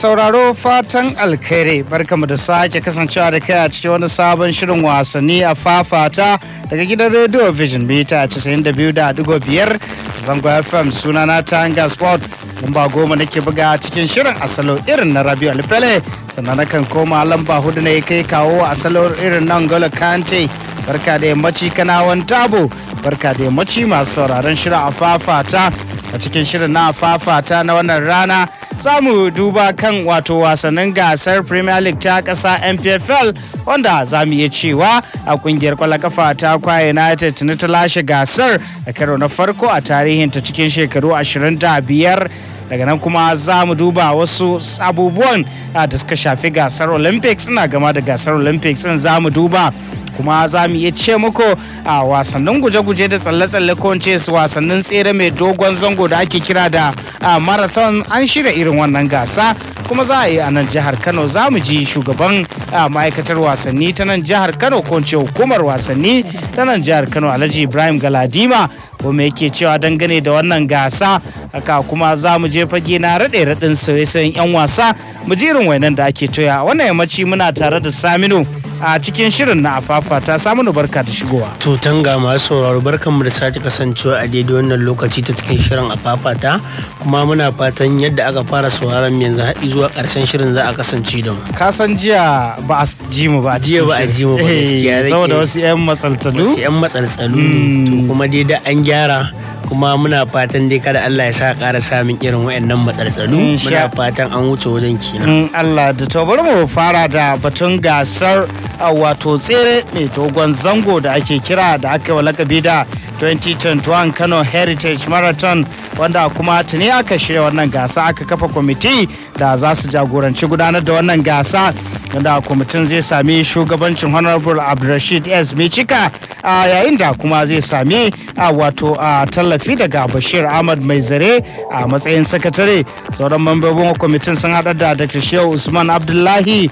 sauraro fatan alkhairi barkamu da sake kasancewa da kai a cikin wani sabon shirin wasanni a fafata daga gidan radio vision mita 92.5 zango fm sunana na tanga sport lamba goma nake buga a cikin shirin asalo irin na rabiu alfele sannan na kan koma lamba hudu na kai kawo asalo irin na angola kante barka da yammaci kanawan tabo barka da yammaci masu sauraron shirin a fafata a cikin shirin na fafata na wannan rana za mu duba kan wato wasannin gasar premier league ta kasa mpfl wanda za mu iya cewa a kungiyar kwallon kafa ta kwa united na ta lashe gasar a karo na farko a tarihin ta cikin shekaru 25 daga nan kuma za mu duba wasu abubuwan ah, da suka shafi gasar olympics ina gama da gasar olympics in za mu duba kuma za mu iya ce muku a wasannin guje-guje da tsalle-tsalle ko wasannin tsere mai dogon zango da ake kira da A marathon an shirya irin wannan gasa kuma za a yi a nan jihar kano za mu ji shugaban a ma'aikatar wasanni ta nan jihar kano ko hukumar wasanni ta nan jihar kano alhaji ibrahim galadima kuma yake cewa dangane da wannan gasa haka kuma za mu je fage na raɗe-raɗin sauye-sauyen 'yan wasa mu jirin wainan da ake toya wannan yammaci muna tare da saminu a cikin shirin na afafa ta saminu barka da shigowa to tanga masu sauraro barkan mu da sake kasancewa a daidai wannan lokaci ta cikin shirin afafa ta kuma muna fatan yadda aka fara sauraron yanzu haɗi zuwa ƙarshen shirin za a kasance da mu ka san jiya ba a ji mu ba jiya ba a ji mu ba eh, gaskiya saboda wasu yan matsaltsalu wasu yan matsaltsalu hmm. to kuma dai da an gyara kuma muna fatan dai kada Allah ya sa ƙara samun irin wayannan matsaltsalu muna fatan an wuce wajen in Allah da to bari mu fara da batun gasar wato tsere mai dogon zango da ake kira da aka wa lakabi da 2021 Kano Heritage Marathon wanda kuma tuni aka shirya wannan gasa aka kafa kwamiti da za su jagoranci gudanar da wannan gasa wanda kwamitin zai sami shugabancin honorable abdulrashid s michika a yayin da kuma zai sami a wato a tallafi daga bashir ahmad mai zare a matsayin sakatare sauran mambobin kwamitin sun hada da dr shehu usman abdullahi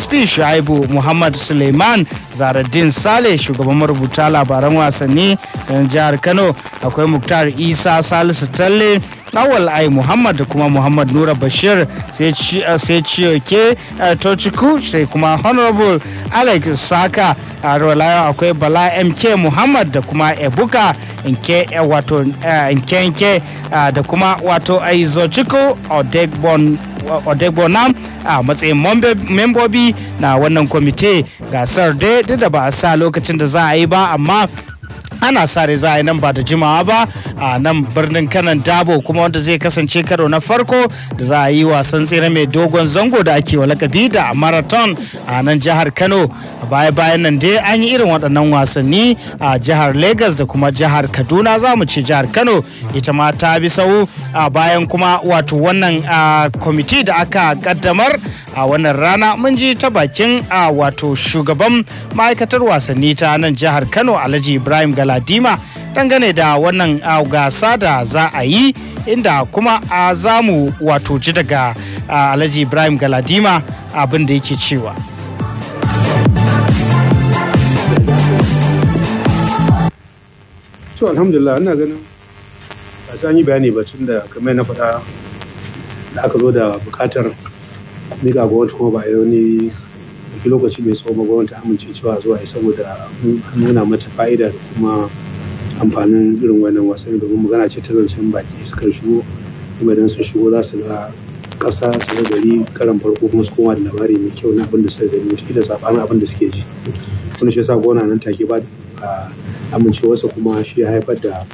sp shaibu muhammad suleiman zaradin sale shugaban marubuta labaran wasanni don jihar kano akwai muktar isa salisu talle Tawal ai muhammad da kuma muhammad nura bashir sai ciyoke eh, eh, tochiku sai kuma honorable alex saka a rolayo akwai bala mk muhammad da kuma ebuka nke eh, nke da kuma wato aizochiko odegbon odegbonam a matsayin membobi na wannan kwamite gasar dai da ba a sa lokacin da za a yi ba amma ana sare za a yi nan ba da jimawa ba a nan birnin kanan dabo kuma wanda zai kasance karo na farko da za a yi wasan tsere mai dogon zango da ake wa lakabi da marathon a nan jihar kano baya bayan nan dai an yi irin waɗannan wasanni a jihar Legas da kuma jihar kaduna za mu ce jihar kano ita ma ta bi sau a bayan kuma wato wannan kwamiti da aka kaddamar a wannan rana mun ji ta bakin wato shugaban ma'aikatar wasanni ta nan jihar kano alhaji ibrahim gala ladima dangane da wannan gasa da za a yi inda kuma a zamu wato ji daga alhaji ibrahim galadima abin da yake cewa So alhamdulillah ina ganin ba ta yi bayani ba tun da kamar na faɗa da aka zo da bukatar miƙa ga kuma ba a yi wani lokaci mai tsawo ba gwamnati amince cewa zuwa ya saboda nuna mata fa'ida da kuma amfanin irin wannan wasanni domin magana ce ta zancen baki suka shigo kuma idan su shigo za su ga kasa su ga gari karan farko kuma su koma da labari mai kyau na abin da suka gani wata kila sabanin abin da suke ji wani shi yasa gona nan take ba amincewarsa kuma shi ya haifar da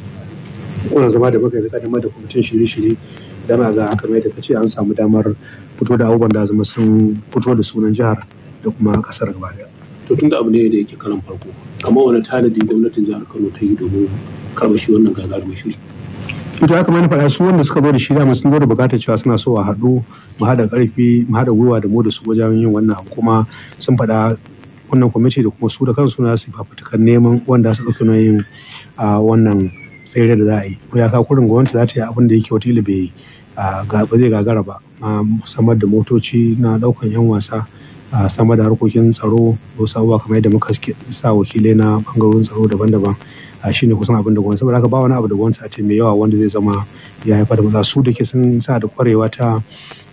kuna zama da muka zaka da kwamitin shirye-shirye dana ga kamar yadda ta ce an samu damar fito da abubuwan da zama sun fito da sunan jihar da kuma kasar gaba daya to tun da abu ne da yake karan farko kamar wani tanadi gwamnatin jihar Kano ta yi domin karɓar shi wannan gagarumin shiri ita aka mana faɗa su wanda suka zo da shirya masu zo da bukatar cewa suna so a haɗu mu haɗa ƙarfi mu haɗa gwiwa da mu da su wajen yin wannan abu kuma sun faɗa wannan kwamiti da kuma su da kansu na su fafutukan neman wanda su ɗauki yin wannan tsere da za a yi ko ya kurin gwamnati za ta yi abin da yake wata bai ba zai gagara ba samar da motoci na ɗaukan 'yan wasa a samar da harkokin tsaro ko sabuwa kamar yadda muka sa wakilai na bangarorin tsaro daban-daban a shine kusan abin da gwamnati saboda haka ba wani abu da gwamnati a ce mai yawa wanda zai zama ya haifar da maza su da ke sun sa da kwarewa ta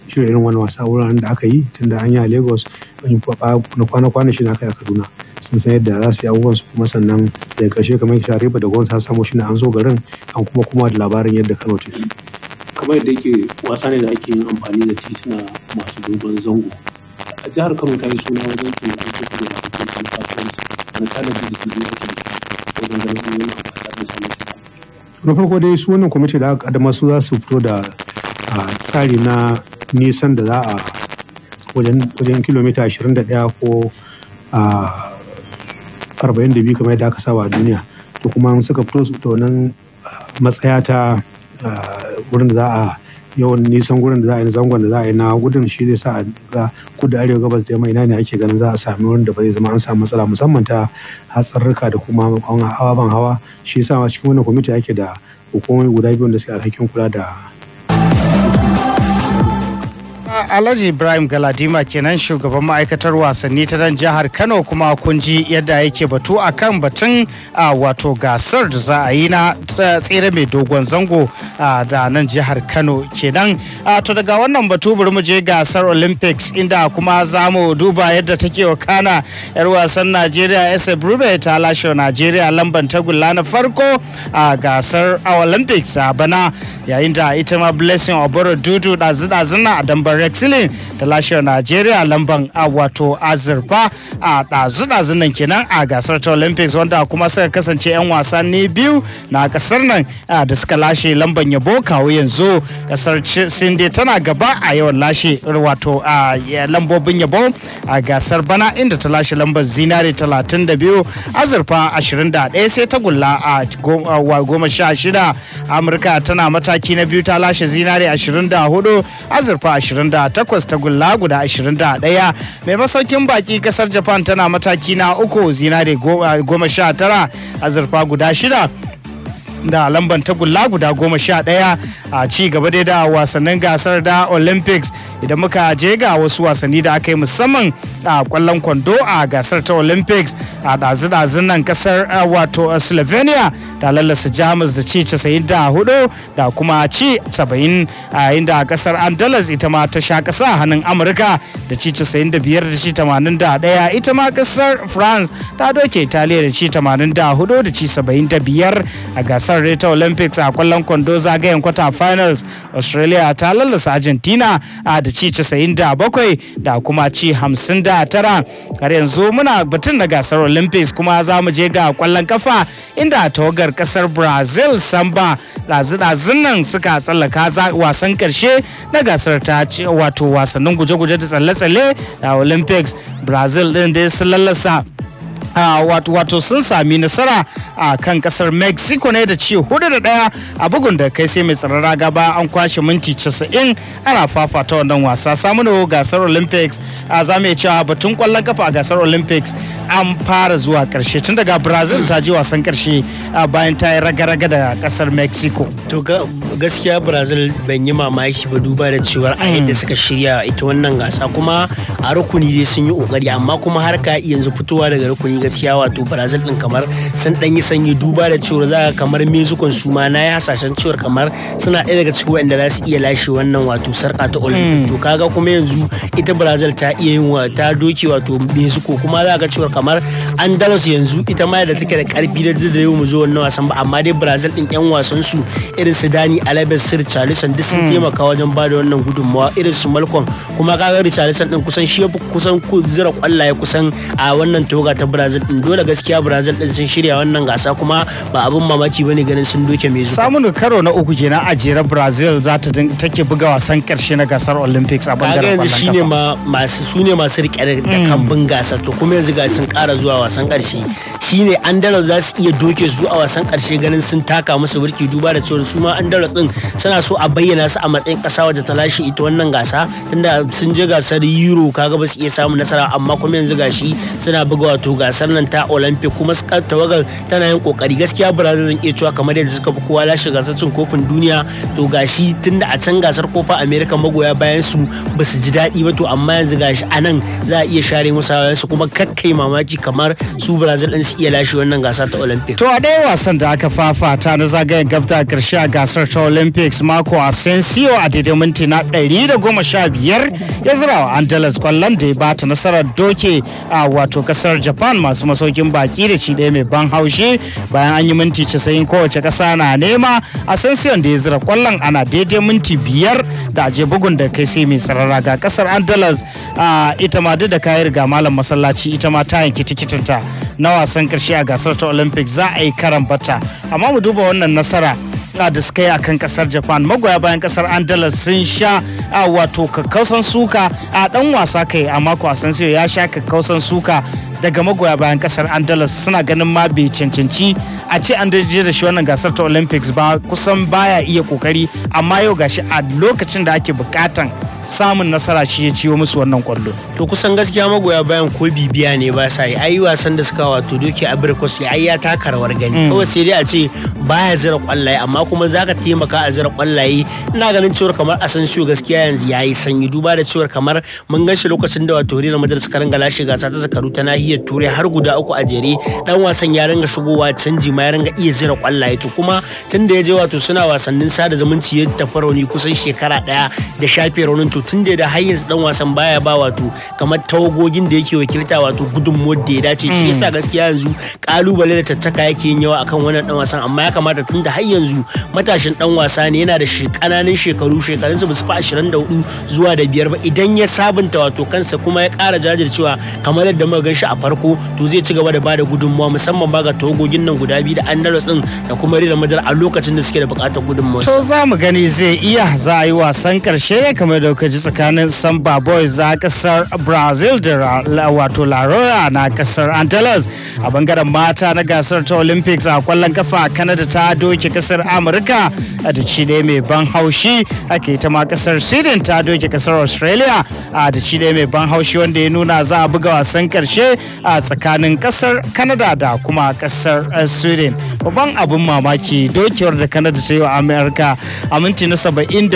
shirya irin wani wasa wuraren da aka yi tun da an yi a lagos na kwana-kwana shi na kai a kaduna sun san yadda za su yi abubuwan su kuma sannan daga karshe kamar kisha riba da gwamnati ta samu shi na an zo garin an kuma kuma da labarin yadda kano ta kamar yadda yake wasa ne da ake yin amfani da tituna masu dogon zango A jihar Kano ta yi suna wajen taimakon sufuri da harkokin kasuwanci da tsarin da ke yi kuma wajen ganin sun yi a tsarin samun na farko dai su wannan kwamiti da aka Adama su za su fito da tsari na nisan da za a wajen kilomita 21 ko 42 kamar yadda aka saba a duniya to kuma suka fito da wannan matsaya ta wurin da za a yawan nisan gurin da za a yi zangon da za a yi na gudun shi zai sa a kudu arewa gabas da yamma ina ne ake ganin za a sami wurin da ba zai zama an samu matsala musamman ta hatsarurruka da kuma hawa ban hawa shi yasa cikin wannan kwamiti ake da hukumomi guda biyu da suke alhakin kula da Alhaji Ibrahim Galadima kenan shugaban ma'aikatar wasanni ta nan jihar Kano kuma kun ji yadda yake batu a kan batun wato gasar da za a yi na tsere mai dogon zango da nan jihar Kano kenan. To daga wannan batu bari mu je gasar Olympics inda kuma za mu duba yadda take wakana yar wasan Najeriya Esa Brube ta lashe Najeriya lamban tagulla na farko a gasar Olympics a bana yayin da ita ma Blessing Oboro Dudu ɗazu-ɗazuna a dambar Tilin ta lashe Najeriya lamban a wato azurfa a ɗazu ɗazu nan kenan a gasar ta Olympics wanda kuma suka kasance 'yan wasanni biyu na kasar nan da suka lashe lamban yabo kawo yanzu kasar Sinde tana gaba a yawan lashe wato a lambobin yabo a gasar bana inda ta lashe lambar zinare 32 azurfa 21 sai ta gulla a goma sha shida amurka tana mataki na biyu ta lashe zinare 24 azurfa takwas ta gulla guda ashirin da ɗaya mai masaukin baki kasar japan tana mataki na uku zinare goma sha tara azurfa guda shida da lamban tagulla guda goma sha ɗaya a ci gaba dai da wasannin gasar da olympics idan muka je ga wasu wasanni da aka yi musamman a kwallon kwando a gasar ta olympics a ɗazu-ɗazun nan kasar wato slovenia da lallasa jamus da ci 94 da kuma ci 70 a inda kasar andalus ita ma ta sha kasa hannun amurka da ci 95 da ci 81 ita ma kasar france ta doke italiya da ci 84 da ci 75 a gasar gasar reta olympics a kwallon kwando zagayen kwata finals australia ta lallasa argentina a da ci 97 da kuma ci 59 har yanzu muna batun na gasar olympics kuma za mu je ga kwallon kafa inda tawagar kasar brazil samba ɗazu-ɗazun nan suka tsallaka wasan karshe na gasar ta wato wasannin guje-guje da tsalle-tsalle da olympics brazil ɗin dai sun lallasa wato sun sami nasara a kan kasar mexico ne da ci hudu da daya a bugun da kai sai mai tsaron raga ba an kwashe minti 90 ana fafata wannan wasa samuno gasar olympics a zamu iya cewa batun kwallon kafa a gasar olympics an fara zuwa karshe tun daga brazil ta ji wasan karshe bayan ta yi raga-raga da kasar mexico to gaskiya brazil ban yi mamaki ba duba da cewar a yadda hmm. suka shirya ita wannan gasa kuma a rukuni dai sun yi kokari amma kuma har ka yanzu fitowa daga rukuni gaskiya wato brazil din kamar sun dan yi sanyi duba da cewar za kamar mezukan su ma na ya hasashen cewar kamar suna ɗaya daga cikin wanda za su iya lashe wannan wato sarka ta olympic hmm. to kaga kuma yanzu ita brazil ta iya yin ta doki wato mezuko kuma za ga cewar kamar an dalasu yanzu ita ma da take da karfi da da yau mu zo wannan wasan ba amma dai brazil din yan wasan su irin su dani alabes sir charlison duk sun hmm. taimaka wajen ba da wannan gudunmawa irin su malcolm kuma kaga richarlison din kusan shi kusan zira kwallaye kusan a wannan toga ta brazil din dole gaskiya brazil din sun shirya wannan gasa kuma ba abin mamaki ba ne ganin sun doke mai zuwa. samun karo na uku kenan a jere brazil za ta take buga wasan karshe na gasar olympics a bangaren kwallon kafa shine ma masu su masu rike da mm. kambun gasa to kuma yanzu ga sun kara zuwa wasan karshe shine andalus za su iya doke su a wasan karshe ganin sun taka musu burki duba da cewa su ma andalus din suna so a bayyana su a matsayin kasa waje ta lashe ita wannan gasa tunda sun je gasar euro kaga ba su iya samun nasara amma kuma yanzu gashi suna buga wato gasar nan ta olympic kuma tawagar tana ana yin kokari gaskiya brazil zan iya cewa kamar yadda suka fi kowa lashe gasar cin kofin duniya to gashi tunda a can gasar kofa america magoya bayan su basu ji daɗi ba to amma yanzu gashi a nan za a iya share musu bayan su kuma kakkai mamaki kamar su brazil din su iya lashe wannan gasa ta olympics to a ɗaya wasan da aka fafata na zagayen gabta karshe a gasar ta olympics mako a asensio a daidai minti na ɗari da goma sha biyar ya zira wa andalus kwallon da ya bata nasarar doke a wato kasar japan masu masaukin baki da ci ɗaya mai ban haushi bayan an yi minti casa'in kowace kasa na nema a asensiyon da ya zira kwallon ana daidai minti biyar da aje bugun da kai sai mai tsarara ga ƙasar andalas ita ma da kayi riga malam masallaci ita ma ta yanki tikitinta na wasan karshe a gasar ta olympic za a yi karan bata amma mu duba wannan nasara da suka yi a kan kasar japan magoya bayan kasar Andalas sun sha a wato kakkausan suka a dan wasa kai a mako asensio ya sha kakkausan suka daga magoya bayan kasar andalus suna ganin ma bai cancanci a ce an daji da shi wannan gasar ta olympics ba kusan baya iya kokari amma yau gashi a lokacin da ake bukatan samun nasara shi ya ciwo musu wannan kwallo to kusan gaskiya magoya bayan ko bibiya ne ba sa yi ayi wasan da suka wato doki a birkos ayi ya taka rawar gani mm. kawai sai dai a ce baya zira kwallaye amma kuma zaka taimaka a zira kwallaye ina ganin cewar kamar asensio gaskiya yanzu yayi sanyi duba da cewar kamar mun gan shi lokacin da wato real madrid karin galashi gasa ta zakaru ta nahiyar nahiyar turai har guda uku a jere dan wasan ya ringa shigowa canji ma ya ringa iya zira kwallaye to kuma tun da ya je wato suna wasannin sada zumunci ya tafi rauni kusan shekara daya da shafe raunin to tun da har yanzu dan wasan baya ba wato kamar tawagogin da yake wakilta wato gudunmuwar da ya dace shi yasa hmm. gaskiya yanzu kalubale da tattaka yake yin yawa akan wannan dan wasan amma ya kamata tun da har yanzu matashin dan wasa ne yana da kananan shekaru shekarun ba su fi 24 zuwa da biyar ba idan ya sabunta wato kansa kuma ya kara jajircewa kamar yadda muka gan shi a farko to zai ci gaba da bada gudunmawa musamman ba ga togogin nan guda biyu da Andalus din da kuma Real madar a lokacin da suke da bukatar gudunmawa to za mu gani zai iya za a yi wasan karshe ne kamar da kuka ji tsakanin Samba Boys a kasar Brazil da wato La Roya na kasar Andalus a bangaren mata na gasar ta Olympics a kwallon kafa kanada ta doke kasar Amurka a da ne mai ban haushi ake ta ma kasar Sweden ta doke kasar Australia a da ne mai ban haushi wanda ya nuna za a buga wasan karshe a tsakanin kasar kanada da kuma kasar eh, Sweden. Babban abin mamaki dokiyar da Canada ta yi wa Amurka a minti na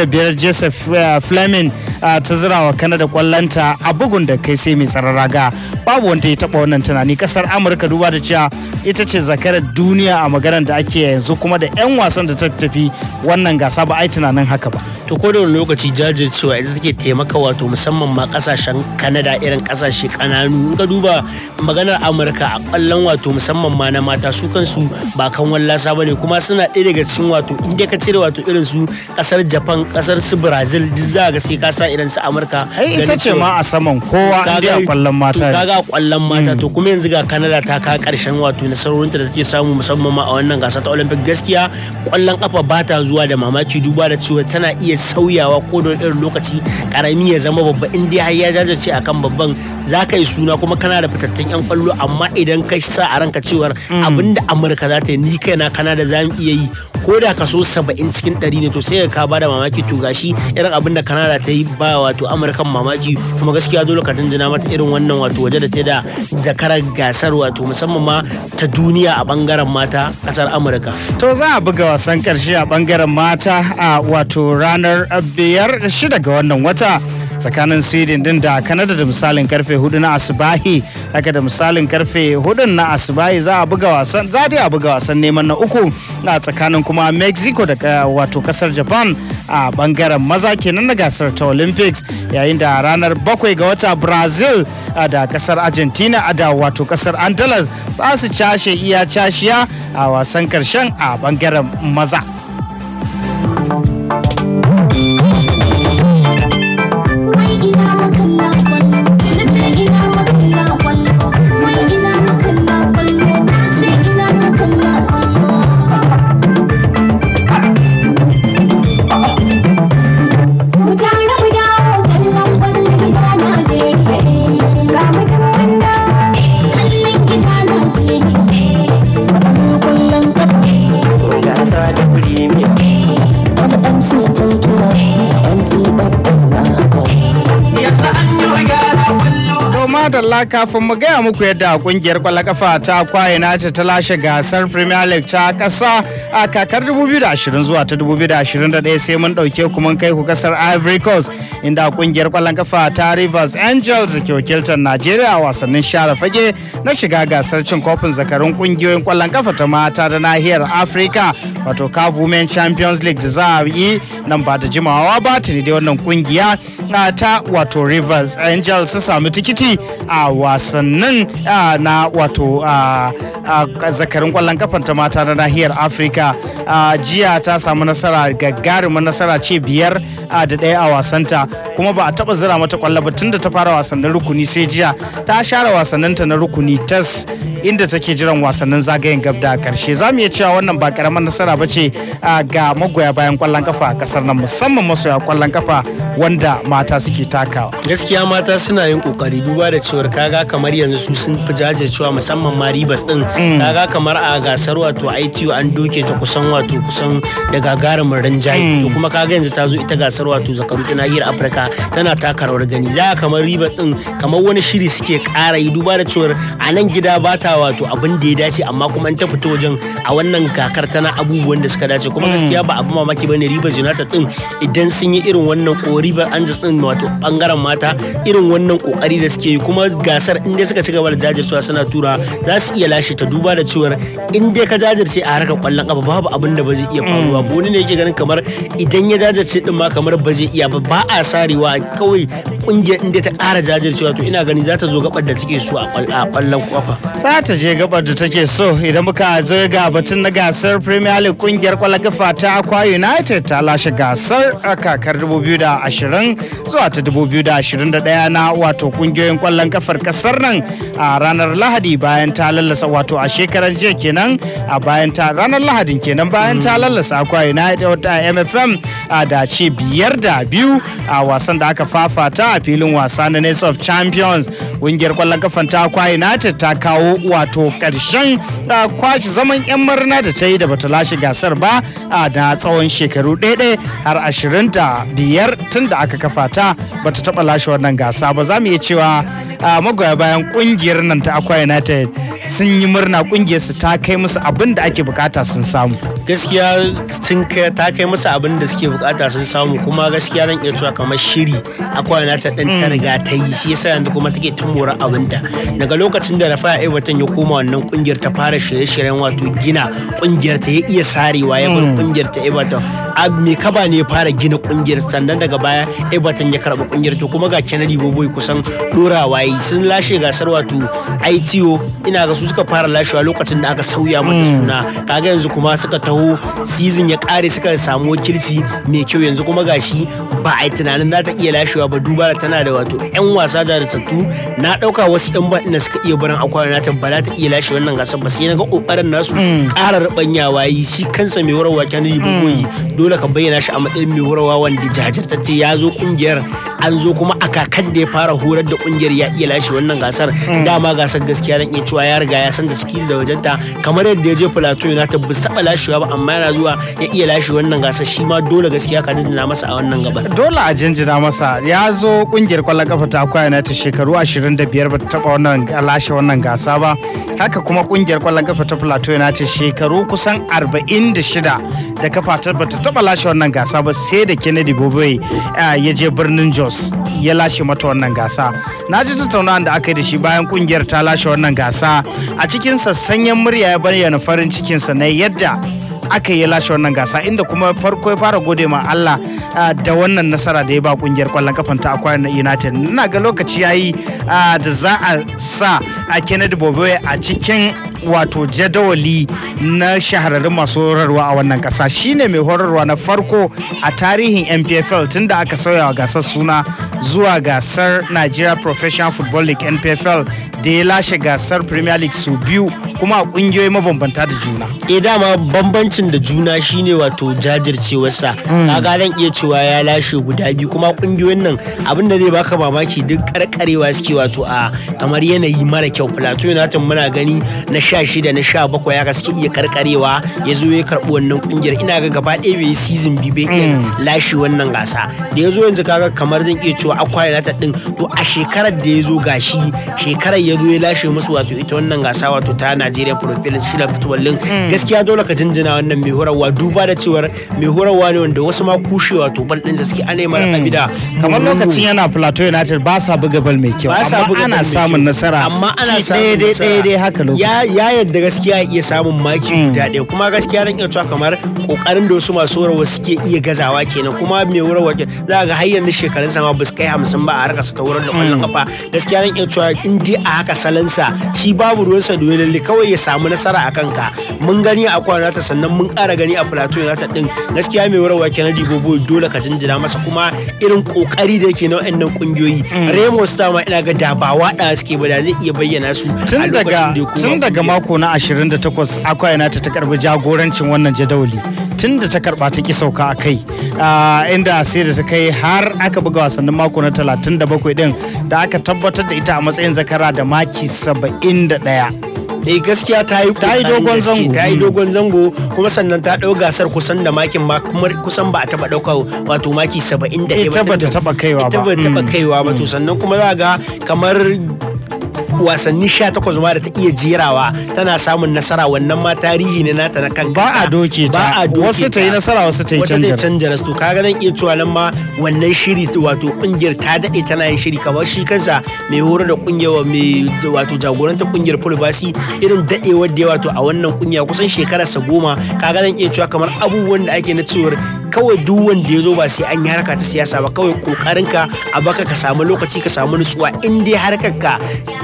biyar Joseph eh, Fleming eh, ta zira wa Canada kwallonta a bugun da kai sai mai raga Babu wanda ya taba wannan tunani kasar Amurka duba da cewa ita ce zakarar duniya a maganar da ake yanzu kuma da 'yan wasan da ta tafi wannan gasa ba a yi tunanin haka ba. To ko da wani lokaci jajircewa ita take taimaka wato musamman ma kasashen kanada irin kasashe kananu in ka duba maganar amurka a kwallon wato musamman ma na mata su kansu ba kan wallasa ba ne kuma suna ɗaya daga cikin wato inda ka cire wato irin su kasar japan kasar su brazil duk za ga sai ka sa irin su amurka ita ce ma a saman kowa inda a kwallon mata kaga kwallon mata to kuma yanzu ga kanada ta ka karshen wato nasarorinta da take samu musamman ma a wannan gasa ta olympic gaskiya kwallon kafa ba ta zuwa da mamaki duba da cewa tana iya sauyawa ko da irin lokaci karami ya zama babba inda har ya jajirce akan babban za ka yi suna kuma kana da fita fitattun 'yan kwallo amma idan ka sa a ranka cewar mm. abinda amurka za ta yi ni kaina kanada za mu iya yi ko da kaso saba'in cikin ɗari ne to sai ka ba da mamaki to gashi irin abin da kanada ta yi ba wato amurkan mamaki kuma gaskiya dole ka jinjina mata irin wannan wato waje da ta da zakarar gasar wato musamman ma ta duniya a bangaren mata kasar amurka to za a buga wasan karshe a bangaren mata a wato ranar biyar shida ga wannan wata tsakanin sweden din da kanada da misalin karfe hudu na asibahi haka da misalin karfe hudu na asibahi za a buga wasan za a buga wasan neman na uku a tsakanin kuma mexico da eh, wato kasar japan a bangaren maza kenan na gasar ta olympics yayin da ranar bakwai ga wata brazil eh, da kasar argentina a eh, da wato kasar andalas za su cashe iya cashiya a wasan karshen a bangaren maza. ba kafin mu gaya muku yadda kungiyar kwallon kafa ta kwa United ta lashe gasar Premier League ta kasa a kakar 2020 zuwa ta 2021 sai mun dauke ku mun kai ku kasar Ivory Coast inda kungiyar kwallon kafa ta Rivers Angels ke wakiltar Najeriya a wasannin share fage na shiga gasar cin kofin zakarun kungiyoyin kwallon kafa ta mata da nahiyar africa wato CAF Women Champions League da za a yi nan ba da jimawa ba tuni dai wannan kungiya ta wato rivers angel su samu tikiti a wasannin na wato zakarin kwallon kafan ta mata na nahiyar afirka jiya ta samu nasara gagarumin nasara ce biyar da ɗaya a wasanta kuma ba a taɓa zira mata kwallo ba tun da ta fara wasannin rukuni sai jiya ta share wasanninta na rukuni tas inda take jiran wasannin zagayen gab da karshe za mu iya cewa wannan ba karamar nasara ba ce ga magoya bayan kwallon kafa a kasar nan musamman masoya kwallon kafa wanda mata suke takawa gaskiya mata suna yin kokari duba da cewar kaga kamar yanzu su sun fi jajircewa musamman ma ribas din mm. kaga kamar a gasar wato ITU an doke ta kusan wato kusan da gagarumin rinjaye mm. to kuma kaga yanzu ta zo ita gasar kasar wato zakaru ta nahiyar afirka tana taka rawar gani za kamar ribas din kamar wani shiri suke kara yi duba da cewar a nan gida ba ta wato abin da ya dace amma kuma an ta fita wajen a wannan kakar tana abubuwan da suka dace kuma hmm. gaskiya ba abin mamaki ba ne ribas united din idan sun yi irin wannan kori ba angels din wato bangaren mata irin wannan kokari da suke yi kuma gasar inda suka ci gaba da jajircewa suna tura za su iya lashe ta duba da cewar in dai ka jajirce a harkar kwallon kafa babu abin da ba zai iya faruwa ba wani ne yake ganin kamar idan ya jajirce din ma kamar ba zai iya ba ba a sarewa kawai kungiyar inda ta ƙara jajircewa to ina gani za ta zo gabar da take so a kwallon kwafa za ta je gabar da take so idan muka je ga batun na gasar premier league kungiyar kwallon kafa ta akwa united ta lashe gasar a kakar 2020 zuwa ta 2021 na wato kungiyoyin kwallon kafar kasar nan a ranar lahadi bayan ta lallasa wato a shekarar jiya kenan a bayan ta ranar lahadin kenan bayan ta hmm. lallasa akwa united wata mfm a da ce biyu biyar da biyu a wasan da aka fafata a filin wasa na Nets of Champions. Ƙungiyar kwallon kafan Takwa United ta kawo wato ƙarshen kwashe zaman 'yan murna da ta yi da bata lashe gasar ba a da tsawon shekaru ɗaya har ashirin da biyar tun da aka kafa ta bata taɓa lashe wannan gasa ba za mu iya cewa magoya bayan ƙungiyar nan ta Akwa United sun yi murna kungiyar su ta kai musu abin da ake bukata sun samu gaskiya sun kai ta kai musu abin da suke bukata sun samu kuma gaskiya zan iya cewa kamar shiri akwai na ta dan ta mm. riga ta yi shi yasa yanzu kuma take tun mora abinta daga lokacin da Rafa'a Everton ya koma wannan kungiyar ta fara shirye-shiryen wato gina kungiyar ta ya iya sarewa ya bar kungiyar mm. ta Everton mai kaba ne ya fara gina kungiyar sannan daga baya everton ya karba kungiyar to kuma ga kennedy Boboy kusan dora wayi sun lashe gasar wato ito ina ga su suka fara lashewa lokacin da aka sauya mata hmm. suna kaga yanzu kuma suka taho season ya kare suka samu wakilci mai kyau yanzu kuma gashi ba a yi tunanin za ta iya lashewa ba duba da tana da wato yan wasa da risattu na dauka wasu yan baɗin da suka iya barin akwai na ba za ta iya lashe wannan gasar ba sai na ga kokarin nasu hmm. ƙara rubanyawa wayi shi kansa mai warwa kennedy hmm. dole ka bayyana shi a matsayin mai horarwa wanda ce ya zo kungiyar an zo kuma a kakan da ya fara horar da kungiyar ya iya lashe wannan gasar mm. dama gasar gaskiya zan iya cewa ya riga ya san da ciki da wajenta kamar yadda ya je plateau united ba taba lashewa ba amma yana zuwa ya iya lashe wannan gasar shi ma dole gaskiya ka jinjina masa a wannan gabar dole a jinjina masa ya zo kungiyar kwallon kafa ta akwai united shekaru 25 ba ta taɓa wannan lashe wannan gasa ba haka kuma kungiyar kwallon kafa ta plateau united shekaru kusan 46 da kafa ta ba ta taɓa taba lashe wannan gasa ba sai da Kennedy Gobe eh, ya je birnin Jos ya lashe mata wannan gasa. Na ji tattaunawa da aka yi da shi bayan kungiyar ta lashe wannan gasa a cikin sassanyen murya ya bayyana farin cikinsa na yadda aka yi lashe wannan gasa inda kuma farko ya fara gode ma Allah eh, da wannan nasara da ya ba kungiyar kwallon kafan ta akwai na United. Ina ga lokaci yayi eh, da za a sa a Kennedy Bobe a cikin wato jadawali na shahararrun masu horarwa a wannan kasa shine mai horarwa na farko a tarihin tun da aka sauya wa gasar suna zuwa gasar nigeria professional football league npfl da ya lashe gasar premier league su biyu kuma a kungiyoyi mabambanta da juna e dama bambancin da juna shine wato jajircewarsa hmm. kaga zan iya cewa ya lashe guda biyu kuma kungiyoyin nan abin da zai baka mamaki duk karkarewa suke wato a kamar yanayi mara kyau plateau united muna gani na sha shida na sha bakwai ya gaske iya karkarewa ya zo ya karɓi wannan kungiyar ina ga gaba ɗaya bai season bi bai iya mm. lashe wannan gasa da ya zo yanzu kaga kamar zan iya cewa akwai united din to a shekarar da ya zo gashi shekarar ya zo ya lashe musu wato ita wannan gasa wato ta nigeria Profile Shila Footballin mm. gaskiya dole ka jinjina wannan mai horarwa duba da cewar mai horarwa ne wanda wasu ma kushe wato bal ɗinsa suke ana yi mara mm. abida kamar lokacin yana Plateau United ba sa buga bal mai kyau amma ana samun nasara amma ana samun nasara daidai haka lokacin. ya yadda gaskiya iya samun maki hmm. da ɗaya kuma gaskiya ran iya cewa kamar kokarin da wasu masu warawa suke iya gazawa kenan kuma mai warawa ke za ga har yanzu shekarun sama ba su kai hamsin ba a harka su ta wurin da kwallon kafa hmm. gaskiya ran iya cewa in dai a haka salansa shi babu ruwansa da lalle kawai ya samu nasara a kanka mun gani a kwana ta sannan mun kara gani a plateau ta din gaskiya mai na kenan dibobo dole ka jinjina masa kuma irin kokari da yake na wa'annan kungiyoyi hmm. remo star ma ina ga da ba waɗa suke ba da zai iya bayyana su a lokacin da ya kuma mako na 28 akwai united ta karbi jagorancin wannan jadawali tun da ta karba ta ki sauka a kai inda sai da ta kai har aka buga wasannin mako na 37 din da aka tabbatar da ita a matsayin zakara da maki 71 eh gaskiya ta yi ta yi dogon zango ta yi mm. dogon zango kuma sannan ta dau gasar kusan da makin kusan ba a taba dauka wato maki 71 ba eh, ta taba kaiwa ba ta taba mm. kaiwa ba to mm. sannan kuma za ga kamar wasanni 18 ma da ta iya jerawa tana samun nasara wannan ma tarihi ne nata na kan ba a doke ta wasu ta yi nasara wasu ta yi canja wata ta canja zan iya cewa nan ma wannan shiri wato kungiyar ta dade tana yin shiri kamar shi kansa mai horar da kungiyar mai wato jagoranta kungiyar Fulbasi irin dadewar da wato a wannan kungiya kusan shekarar sa goma ga zan iya cewa kamar abubuwan da ake na cewar kawai duk wanda ya zo ba sai an yi harka ta siyasa ba kawai kokarinka a baka ka samu lokaci ka samu nutsuwa in dai harkar ka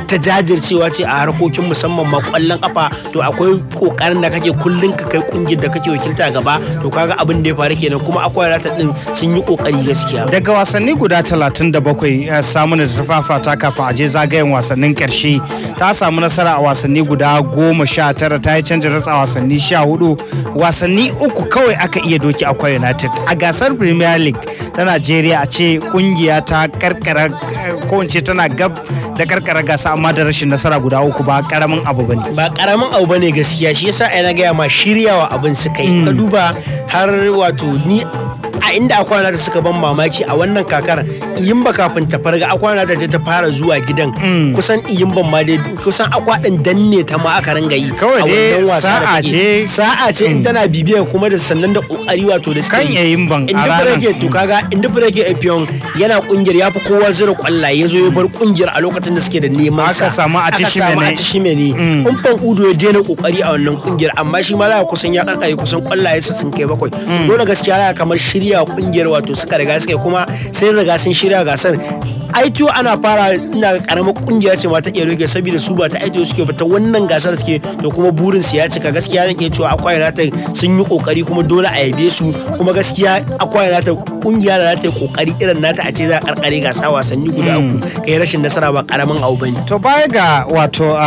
ta jajircewa ce a harkokin musamman ma kwallon kafa to akwai kokarin da kake kullun ka kai kungiyar da kake wakilta gaba to kaga abin da ya faru kenan kuma akwai rata din sun yi kokari gaskiya daga wasanni guda 37 eh, samun da ta fafata a je zagayen wasannin karshe ta samu nasara a wasanni guda 19 ta yi canjin ratsa wasanni 14 wasanni uku kawai aka iya doki akwai united united a gasar premier league ta najeriya a ce kungiya ta karkara ko ce tana gab da karkara gasa amma da rashin nasara guda uku ba karamin abu bane ba karamin abu bane gaskiya shi yasa ai na gaya ma shiryawa abin suka yi hmm. ka duba har wato ni a inda akwana da suka ban mamaki a wannan kakar iyimba kafin ta farga akwana da ta fara zuwa gidan mm. kusan ban ma dai kusan akwadin danne ta ma aka ranga yi kawai dai sa'a ce sa'a ce in mm. tana bibiya kuma da sannan da kokari wato da kan ban a ranar inda to kaga da brake epion yana kungiyar yafi kowa zira kwallaye yazo ya bar kungiyar a lokacin da suke da neman sa aka samu a tishime ne mm. umfan udo ya daina kokari a wannan kungiyar amma shi ma za kusan ya karkare kusan kwallaye su sun kai bakwai dole gaskiya za kamar shirya a kungiyar wato suka riga suka kuma sun riga sun shirya gasar ITO ana fara ina karamar kungiya ce ma ta iya rage saboda su ba ta ITO suke ba ta wannan gasar suke to kuma burin su ya cika gaskiya zan iya cewa akwai United sun yi kokari kuma dole a yabe su kuma gaskiya akwai United kungiya da kokari irin nata a ce za a karkare gasa wasanni guda hmm. uku kai rashin nasara ba karamin abu bane to baya ga wato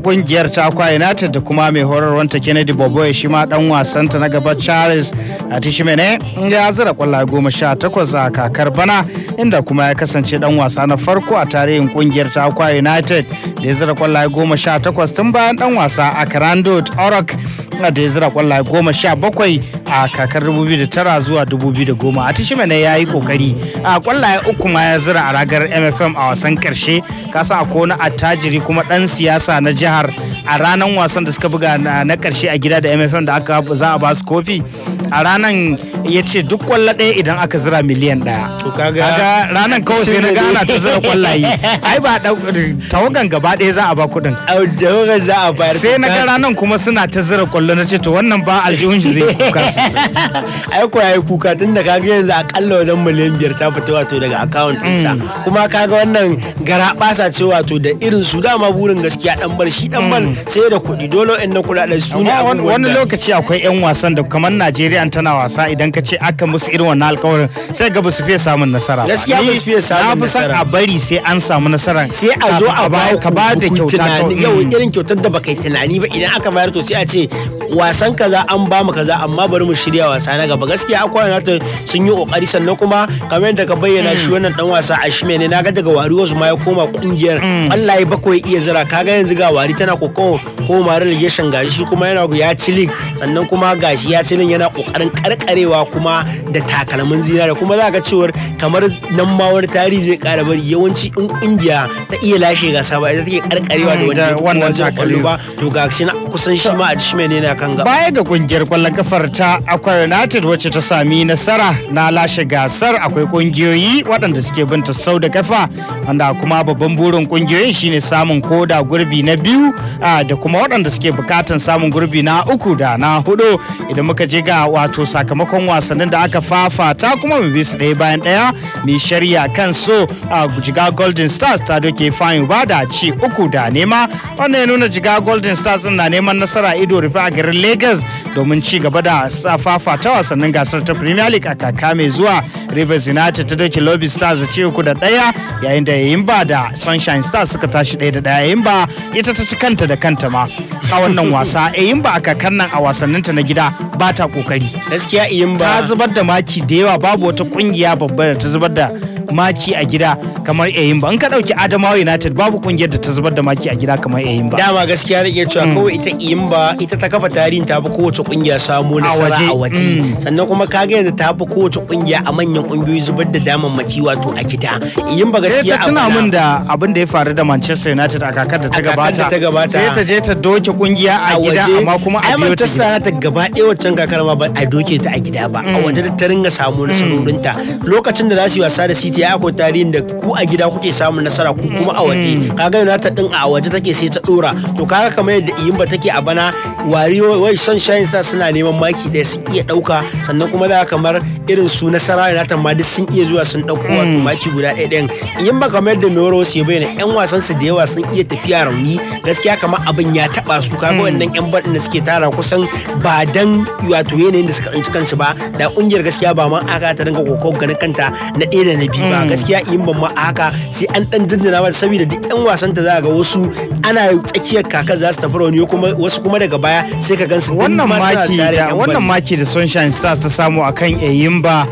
kungiyar ta Akwa United da kuma mai wanta Kennedy bobo shi ma dan wasanta na gaba Charles Atishimene ya zira kwallaye goma sha takwas a kakar bana inda kuma ya kasance dan wasan. wasa na farko a tarihin kungiyar ta Akwa United da ya zira kwallaye goma sha takwas tun bayan dan wasa a Karando Orok da ya zira kwallaye goma sha bakwai a kakar 2009 zuwa 2010 a ne ya yi kokari a kwallaye uku ma ya zira a ragar mfm a wasan karshe kasa a kona attajiri kuma dan siyasa na jihar a ranar wasan da suka buga na karshe a gida da mfm da aka za a basu kofi a ranan ya ce duk kwallo ɗaya idan aka zira miliyan ɗaya kaga ranan kawai sai na gana ta zira kwallaye ai ba tawagan gaba ɗaya za a ba kuɗin tawagan za a bayar sai na ga ranan kuma suna ta zira kwallo na ce to wannan ba aljihun shi zai kuka ai ko yayi kuka tun da kaga yanzu akalla wajen miliyan biyar ta fita wato daga account ɗinsa mm. kuma kaga wannan gara ɓasa ce wato da irin su dama burin gaskiya dan bar shi dan bar mm. sai da kuɗi dole in na kuɗaɗen su ne wani lokaci akwai 'yan wasan da kamar Najeriya Najeriya tana wasa idan ka ce aka musu irin wannan alkawarin sai ga ba su fiye samun nasara ba. Gaskiya ba su fiye samun nasara. Na fi a bari sai an samu nasara. Sai a zo a ba ka ba da kyauta yau irin kyautar da baka yi tunani ba idan aka bayar to sai a ce wasan kaza an ba mu kaza amma bari mu shirya wasa na gaba gaskiya akwai na ta sun yi kokari sannan kuma kamar yadda ka bayyana shi mm. wannan dan wasa a shi ne na ga daga wasu ma ya koma kungiyar mm. Allah ya bakwai iya zira kaga yanzu ga wari tana kokon ko mara ya shanga kuma yana ya ci league sannan kuma gashi ya ci yana kokari kokarin karkarewa kuma da takalmin zinare kuma za ga cewar kamar nan ma wani tarihi zai kara bari yawanci in indiya ta iya lashe gasa ba ita take karkarewa da wannan takalmi ba to ga shi na kusan shi ma a ci ne na kan gaba baya ga kungiyar kwallon kafar ta akwai United wacce ta sami nasara na lashe gasar akwai kungiyoyi waɗanda suke binta sau da kafa wanda kuma babban burin kungiyoyin shine samun koda gurbi na biyu ah, da kuma waɗanda suke bukatan samun gurbi na uku da na hudu idan muka je ga wato sakamakon wasannin da aka fafata kuma mu bi su ɗaya bayan ɗaya mai shari'a kan so a jiga golden stars ta doke fayin ba da ci uku da nema wannan ya nuna jiga golden stars na neman nasara ido rufe a garin lagos domin ci gaba da fafata wasannin gasar ta premier league a kaka mai zuwa rivers united ta doke lobby stars da ci uku da ɗaya yayin da yayin ba da sunshine stars suka tashi ɗaya da ɗaya yayin ba ita ta ci kanta da kanta ma a wannan wasa yayin ba a kakan nan a wasanninta na gida ba ta kokari gaskiya iyin ba ta zubar da maki da yawa babu wata kungiya babba da ta zubar da maki a gida kamar yayin ba in ka dauki Adamawa United babu kungiyar da ta zubar da maki a gida kamar yayin ba dama gaskiya da iya cewa mm. kawai ita iyin ba ita ta kafa tarihin ta fi kowace kungiya samu nasara a waje mm. sannan kuma ga yanzu ta fi kowace kungiya a manyan kungiyoyi zubar da daman damammaki wato a gida iyin ba gaskiya sai ta tuna min da abin da ya faru da Manchester United a kakar da ta gabata sai ta je ta doke kungiya a gida amma kuma a biyo ta gida ta gaba ɗaya waccan kakar ma ba a doke ta a gida ba a mm. waje ta ringa samu nasarorinta lokacin da za su yi wasa da City ya akwai tarihin da ku a gida kuke samun nasara ku kuma a waje mm-hmm. kaga United din a waje take sai ta dora to kaga kamar yadda Iyimba take a bana Wariyo wai Sunshine Stars suna neman maki da su iya dauka sannan kuma za kamar irin su nasara United ma duk sun iya zuwa sun dauko wato mm. maki guda ɗaya ɗayan Iyimba kamar yadda Moro ya bayyana yan wasan su da yawa sun iya tafiya rauni gaskiya kamar abin ya taba su kaga mm. wannan yan baɗin da suke tara kusan ba dan wato yanayin da suka tsanci kansu ba da kungiyar gaskiya ba ma aka ta dinga kokon ganin kanta na ɗaya da na biyu ba mm. gaskiya in ban ma haka sai an dan jinjina ba saboda duk yan wasan ta zaka ga wasu ana tsakiyar kaka za su tafi rauni kuma wasu kuma daga baya sai ka gansu wannan maki da wannan maki da Sunshine Stars ta samu akan Eyimba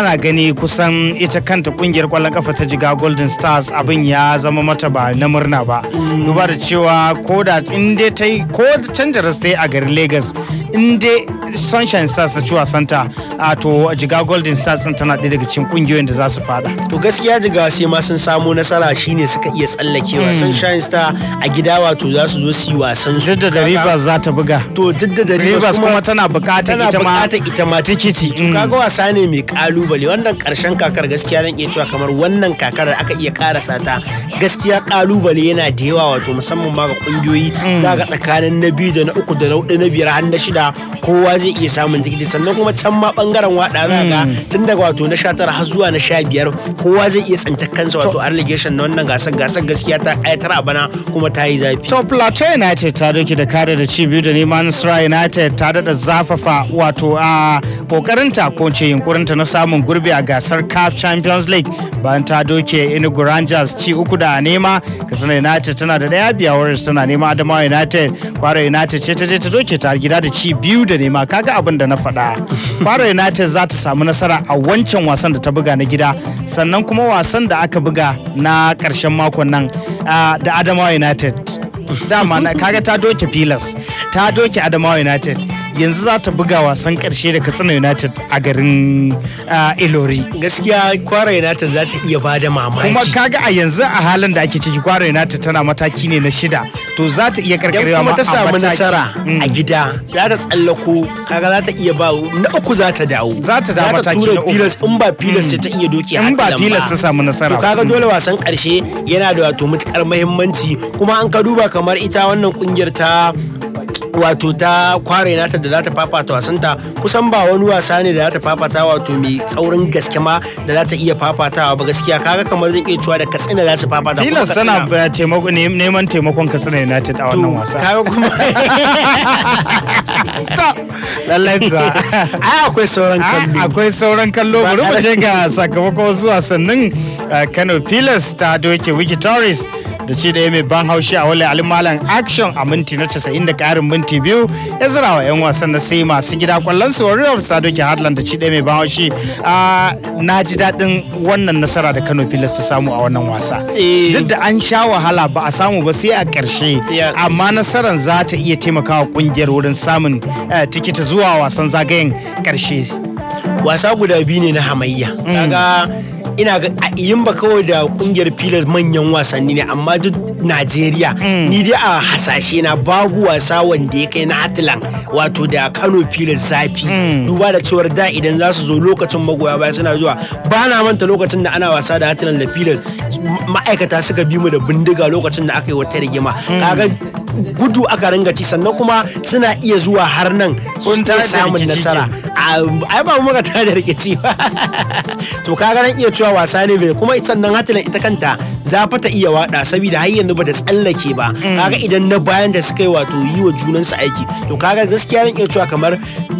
ana gani kusan ita kanta kungiyar kwallon kafa ta jiga Golden Stars abin ya zama mata ba na murna ba mm. duba da cewa ko da in dai ta yi ko canja rasta a garin Lagos in dai Sunshine Stars ta ci wasanta a to jiga Golden Stars tana ɗaya daga cikin kungiyoyin da za su fada to gaskiya jigawa sai ma sun samu nasara shine suka iya tsallakewa hmm. shine star a gida wato za su zo su yi wasan su duk da rivers za ta buga to duk da rivers kuma tana bukata ita ma tana ita ma tikiti to hmm. kaga wasa ne mai kalubale wannan karshen kakar gaskiya zan iya cewa kamar wannan kakar da aka iya karasa ta gaskiya kalubale yana da yawa wato musamman ma ga kungiyoyi hmm. za ga tsakanin na biyu da na uku da na hudu na biyar har na shida kowa zai iya samun tikiti sannan kuma can ma bangaren wada za ga tun daga wato na sha tara har zuwa na sha biyar. biyar kowa zai iya tsantar kansa wato allegation na wannan gasar gasar gaskiya ta ayatar a bana kuma ta yi zafi. To Plateau United ta doki da kada da ci biyu da neman Sra United ta dada zafafa wato a kokarinta ko ce yunkurinta na samun gurbi a gasar CAF Champions League bayan ta doke Enugu Rangers ci uku da nema Katsina United tana da daya biya wurin suna nema adama United Kwara United ce ta je ta doke ta gida da ci biyu da nema kaga abin da na faɗa. Kwara United za ta samu nasara a wancan wasan da ta buga na gida sannan kuma wasan da aka buga na karshen makon nan da Adamawa United dama kaga ta doke Pilas ta doke Adamawa United yanzu za ta buga wasan karshe da katsina united a garin ilori gaskiya kwara united za ta iya bada mamaki kuma kaga a yanzu a halin da ake ciki kwara united tana mataki ne na shida to za ta iya karkarewa ma samu nasara mm. a gida za ta tsallako kaga za ta iya ba na uku za ta dawo za ta dawo mataki na uku in ba pilas mm. ta iya doki in ba pilas ta samu nasara to kaga dole wasan karshe yana da wato matukar muhimmanci kuma an ka duba kamar ita wannan kungiyar ta wato ta kware nata da zata ta fafata wasanta kusan ba wani wasa ne da zata ta fafata wato mai tsaurin gaske ma da zata ta iya fafatawa ba gaskiya kaga kamar zan iya cewa da katsina za su fafata kuma katsina tana eh, taimako neman taimakon katsina united a wannan wasa kaga kuma lallai kuwa ai akwai sauran kallo akwai sauran kallo bari mu je ga sakamakon wasu wasannin eh, Kano Pilas ta doke Wiki Torres da ce da ya mai ban haushi a wale ali malam action a minti na 90 da karin minti biyu ya zira wa 'yan wasan na sai masu gida kwallon su warrior sadoki hadland da ci da mai ban haushi na ji daɗin wannan nasara da kano filas ta samu a wannan wasa eh. duk da an sha wahala ba a samu ba sai a ƙarshe amma nasaran za ta iya taimakawa ƙungiyar wurin samun eh, tikiti zuwa wasan zagayen ƙarshe wasa guda biyu ne na hamayya mm. ina ga yin ba kawai da kungiyar filas manyan wasanni ne amma duk Najeriya mm. ni dai a hasashe na babu wasa wanda ya kai na Atlan wato da Kano filas zafi mm. duba da cewar da idan za su zo lokacin magoya baya suna zuwa ba na manta lokacin da ana wasa da Atlan da filas ma'aikata suka bi mu da bindiga lokacin da aka yi wata rigima mm. kaga gudu aka ringa ci sannan kuma suna iya zuwa har nan sun samun nasara ai ba mu ta da rikici ba to kaga nan iya cewa wasa ne bai kuma sannan hatilan ita kanta za fa ta iya wada saboda har yanzu ba ta tsallake ba mm. kaga idan na bayan da suka yi wato yi wa junansu aiki to kaga gaskiya nan iya cewa kamar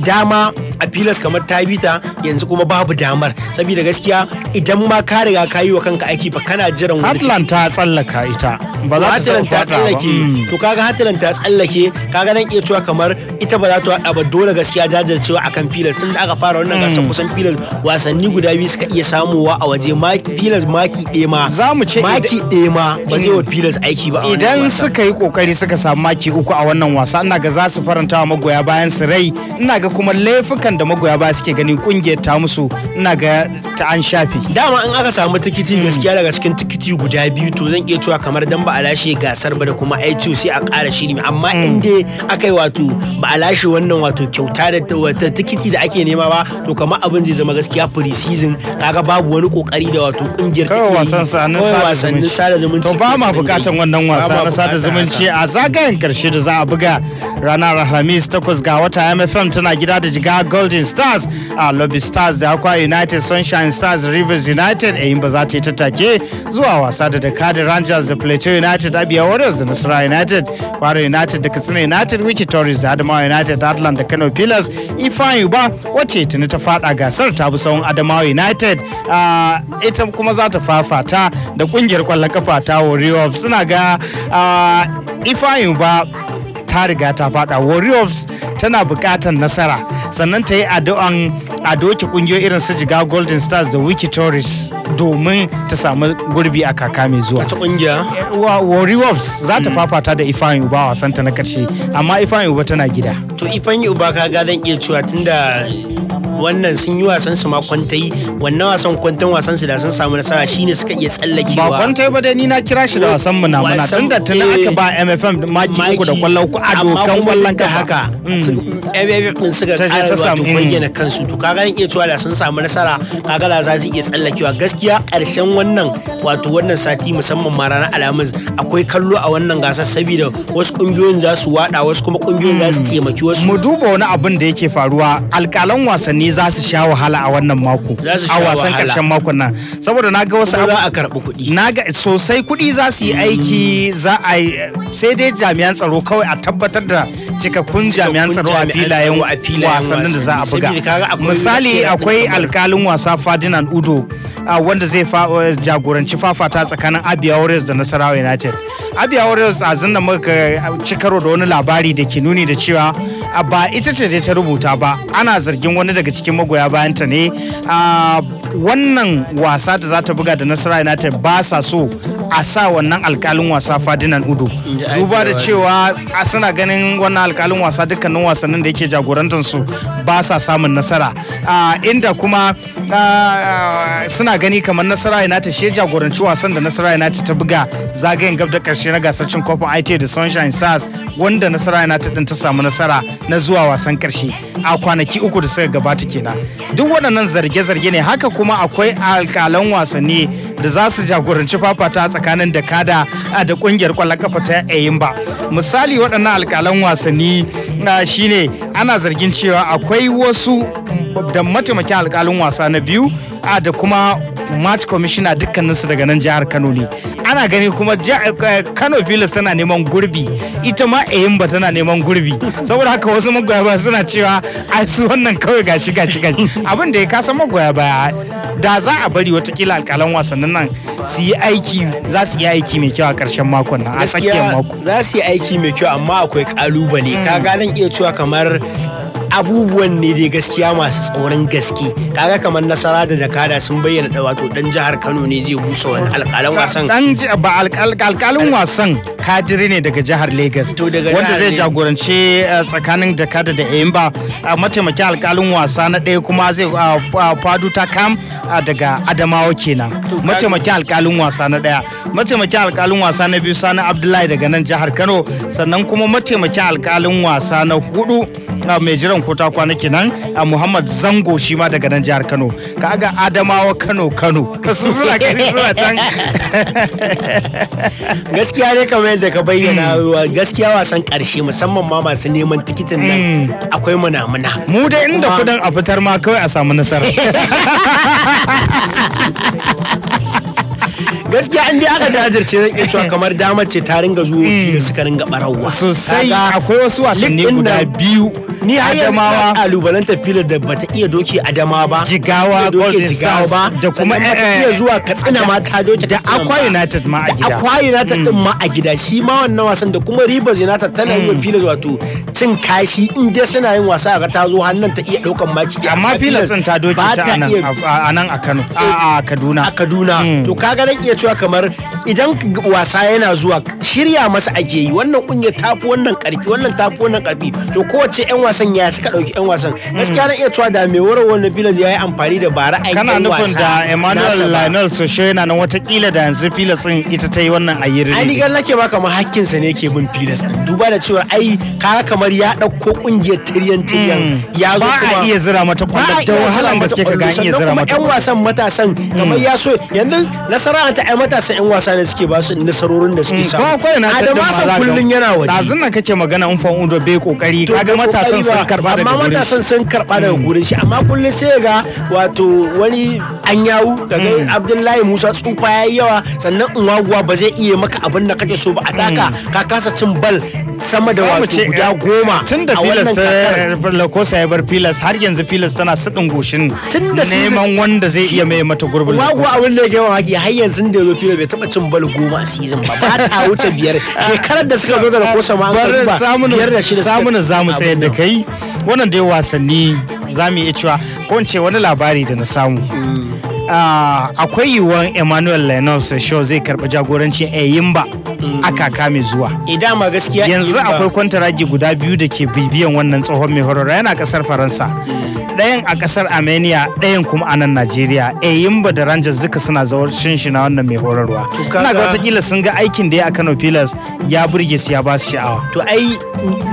dama a filas kamar ta bita yanzu kuma babu damar saboda gaskiya idan ma ka riga ka yi wa kanka aiki ba kana jiran wani Atlant ta tsallaka ita ba za ta tsallake mm. to kaga Catalan ta tsallake kaga nan iya cewa kamar ita ba za ta haɗa ba dole gaskiya jajircewa akan filas tun da aka fara wannan hmm. gasar kusan filas wasanni guda biyu suka iya samuwa a waje filas maki ɗaya ma za ce maki ɗaya ma ba zai wa filas hmm. aiki ba idan suka yi kokari suka samu maki uku a wannan wasa ina ga za su faranta wa magoya bayan su rai ina ga kuma laifukan da magoya ba suke gani kungiyar ta musu ina ga ta an shafi dama in aka samu tikiti hmm. gaskiya daga cikin tikiti guda biyu to zan iya cewa kamar dan ba a lashe gasar ba da kuma sai a ƙara shiri amma mm. in dai aka yi wato ba a lashe wannan wato kyauta da wata tikiti da ake nema ba to kamar abin zai zama gaskiya pre season kaga babu wani kokari da wato kungiyar ta kawai wasannin sada zumunci to ba ma bukatan wannan wasa na sada zumunci a zagayen karshe da za a buga ranar alhamis takwas ga wata mfm tana gida da jiga golden stars a lobby stars da akwa united sunshine stars rivers united a ba za ta yi tattake zuwa wasa da dakar rangers da plateau united abia warriors da nasara united kwara united da katsina united wiki tourist da adamawa united atlanta da kano pillars Ifeanyi ba wacce tuni ta fada gasar ta bi sahun adamawa united ita kuma za ta fafata da kungiyar kwallon kafa ta warriors suna ga ba ta riga ta fada warriors tana bukatan nasara sannan ta yi addu'an a doki kungiyoyi irin su jiga golden stars da wiki tourist domin ta samu gurbi a kaka mai zuwa wata kungiya warriors za ta hmm. fafata da ifan uba wasanta na karshe amma ifan uba tana gida to ifan uba ka ga zan iya cewa tunda wannan sun yi wasan su ma kwantai wannan wasan kwantan wasan su da sun samu nasara shine suka iya tsallakewa ba kwantai ba dai ni na kira shi da wasan mu na muna tun da tun eh, aka ba MFM maki uku da kwallon uku a dokan kwallon ka haka MFM din suka kara wato mm. bayyana kansu to kaga in iya cewa da sun samu nasara kaga da za su iya tsallakewa gaskiya karshen wannan wato wannan sati musamman ma ranar alhamis akwai kallo a wannan gasar saboda wasu kungiyoyin za su wada wasu kuma kungiyoyin za su mm. taimaki wasu mu duba wani abin da yake faruwa alkalan wasanni za su sha wahala a wannan mako a wasan karshen makon nan saboda na ga wasu abu. za a karɓi kuɗi na ga sosai kuɗi za su yi aiki za a sai dai jami'an tsaro kawai a tabbatar da cikakkun jami'an tsaro a filayen wasannin da za a buga misali akwai alkalin wasa fadinan udo wanda zai eh, jagoranci fafata tsakanin abia warriors da nasarawa united abia warriors a zinda muka cikaro da wani labari da ke nuni da cewa ba ita ce ta rubuta ba ana zargin wani daga cikin magoya bayanta ne a wannan wasa da za ta buga da nasara united ba sa so a sa wannan alkalin wasa fadinan udu duba da cewa suna ganin wannan alkalin wasa dukkanin wasannin da yake jagorantar su ba sa samun nasara inda kuma suna gani kamar nasara united shi jagoranci wasan da nasara united ta buga zagayen gab da karshe na gasar cin kofin it da sunshine stars wanda nasara united din ta samu nasara na zuwa wasan karshe a kwanaki uku da suka gabata ta kenan duk waɗannan zarge-zarge ne haka kuma akwai alƙalan wasanni da za su jagoranci fafata tsakanin da kada da ƙungiyar ƙwallon kafa ta Eyimba misali waɗannan alƙalan wasanni shine ana zargin cewa akwai wasu da mataimakin alƙalin wasa na biyu da kuma match commissioner dukkaninsu daga nan jihar kano ne ana gani kuma eh, kano village tana neman gurbi ita ma ba tana neman gurbi saboda haka wasu magoya baya suna cewa ai su wannan kawai gashi gashi gashi abin da ya kasa magoya baya da za a bari watakila alkalan wasannin nan su yi aiki za su yi aiki mai kyau a karshen makon nan a tsakiyar mako za su yi aiki mai kyau amma akwai kalubale ka ganin hmm. iya cewa kamar abubuwan ne dai gaskiya masu tsoron gaske kaga kamar nasara da jakada sun bayyana da wato dan jihar kano ne zai busa wani alƙalan wasan dan ba alƙalin wasan kadiri ne daga jihar lagos wanda zai jagorance eh, tsakanin jakada da yimba mataimakin alƙalin wasa na ɗaya kuma zai fadu ta kam daga adamawa kenan mataimakin alƙalin wasa na ɗaya mataimakin alƙalin wasa na biyu sani abdullahi daga nan jihar kano sannan kuma mataimakin alƙalin wasa na hudu mai jiran zangon ko ta kwana kenan a Muhammad Zango shi ma daga nan jihar Kano ka ga Adamawa Kano Kano su suna gani suna can gaskiya ne kamar yadda ka bayyana wa gaskiya wasan karshe musamman ma masu neman tikitin nan hmm. akwai munamuna mu da inda kudin a fitar ma kawai a samu nasara gaskiya an aka jajirce zan iya cewa kamar damar ce ta ringa zuwa hmm. da suka ringa barawa sosai akwai wasu wasanni guda biyu ni har adamawa kalubalanta filar da bata iya doki adamawa ba jigawa golden stars da kuma eh, iya zuwa katsina ma ta doki da akwa united ma a gida da akwa united din mm. ma a gida shi ma wannan wasan da kuma rivers united tana yi wa mm. filar wato cin kashi in dai suna yin wasa ga ta zo hannun ta iya daukan maki amma filar sun ta doki ta a nan a Kano a Kaduna a Kaduna mm. to kaga dan iya cewa kamar idan wasa yana zuwa shirya masa ake yi wannan kungiyar tafi wannan karfi wannan tafi wannan karfi to kowace yan wasan ya suka dauki yan wasan gaskiya na iya cewa da mai warar wani filas ya yi amfani da ba ra'ayin kana nufin da Emmanuel Lionel su yana na watakila da yanzu filas din ita ta yi wannan ayyiri ne ni nake baka kamar hakkin sa ne ke bin filas duba da cewa ai kaga kamar ya dauko kungiyar tiryan tiryan hmm. ya zo kuma ba a iya zira mata kwallo da wahalan gaske ka ga iya zira mata yan wasan matasan hmm. kamar ya so yanzu nasara ta ai matasan yan wasa ne suke ba su nasarorin da suke hmm. samu adamasan kullun yana waje dazun nan kake magana in fa undo bai kokari kaga matasan matasan sun karba amma matasan sun karba daga gurin mm. shi amma kullum sai ga wato wani Anyawu. daga mm. Abdullahi Musa tsufa yayi yawa sannan unwaguwa ba zai iya maka abin da kake so ba a taka mm. ka kasa cin bal sama da wato guda eh, goma tun da filas ta eh, lakosa ya bar filas har yanzu filas tana sadin goshin neman wanda zai iya mai mata gurbin wagu abin da yake mamaki har yanzu da zo filas bai taba cin bal goma a season ba ba ta wuce biyar shekarar da suka zo da lakosa ma an ba biyar da shida samun zamu tsayar da kai yi wannan dai wasanni za mu iya cewa ko ce wani labari da na samu mm. ah, akwai yiwuwar emmanuel lennox show zai karɓi jagorancin a yimba aka kaka mai zuwa idan eh, ma gaskiya yanzu akwai kwantaragi guda biyu da ke bibiyan wannan tsohon mai horo yana kasar faransa ɗayan a kasar armenia ɗayan kuma a nan najeriya eyimba eh, da rangers duka suna zawar shinshina wannan mai horarwa ina ga watakila sun ga aikin da ya a kano pillars ya burge su ya ba su sha'awa to ai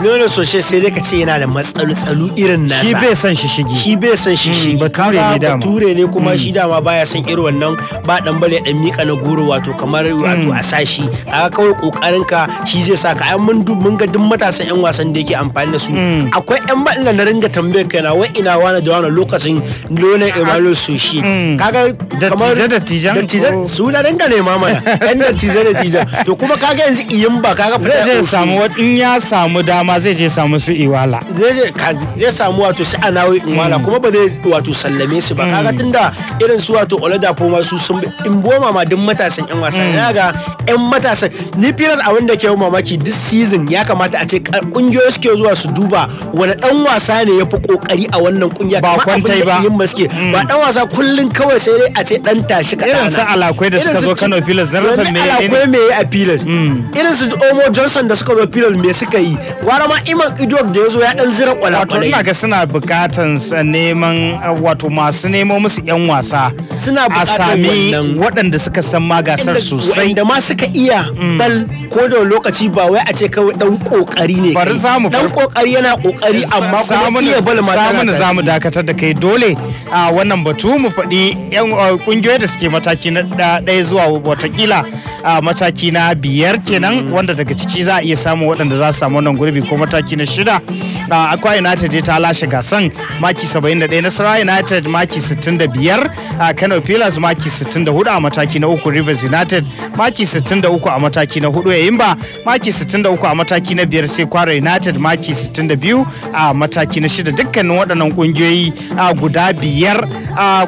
nono soshe sai dai ka ce yana da matsalu-tsalu irin nasa shi bai son shi shigi shi bai son mm, shi shigi bature ne dama bature ne kuma mm. shi dama baya son irin wannan ba dan bale dan mika na goro wato kamar wato mm. a sashi kaga kawai kokarinka shi zai sa ka ai mun mun ga duk matasan yan wasan da yake amfani da su mm. akwai yan ba da na ringa tambayar kaina wai ina wani da wani lokacin lonan Emmanuel Soshi mm. mm. kaga kamar da tijan da tijan su na ringa ne mamaya yan da tijan da tijan to kuma kaga yanzu iyin ba kaga zai samu in ya samu dama zai je samu su iwala zai samu wato su anawi iwala kuma ba zai wato sallame su ba kaga tunda irin su wato Oladapo ma su sun in boma ma duk matasan yan wasan. ina ga yan matasan ni pilas abin da ke mamaki this season ya kamata a ce kungiyoyi suke zuwa su duba wani dan wasa ne ya fi kokari a wannan kungiya ba kwantai ba yin maske mm. ba dan wasa kullun kawai sai dai a ce dan tashi ka irin su alakwai da suka zo Kano pilas na rasa me alakwai me a pilas mm. irin su Omo Johnson da suka zo pilas me suka yi gwara ma Iman Idok da ya zo ya dan zira kwala wato ina ga suna bukatan eh, neman eh, wato masu nemo musu yan wasa suna bukatan a sami waɗanda suka san magasar sosai wanda ma suka iya mm. bal ko da lokaci ba wai a ce kawai dan kokari ne bari dan kokari yana kokari amma kuma iya bal ma zamu zamu dakatar da kai dole a wannan batu mu faɗi yan kungiyoyi da suke mataki na ɗaya zuwa watakila a mataki na biyar kenan hmm. wanda daga ciki za a iya samun waɗanda za su samu wannan gurbi ko mataki na shida da akwa united ta lashe gasan maki 71 nasarawa united maki 65 a kano pillars maki 64 a mataki na uku rivers united maki 63 a mataki na hudu yayimba maki 63 a mataki na biyar sai kwara united maki 62 a mataki na shida dukkanin waɗannan ƙungiyoyi guda biyar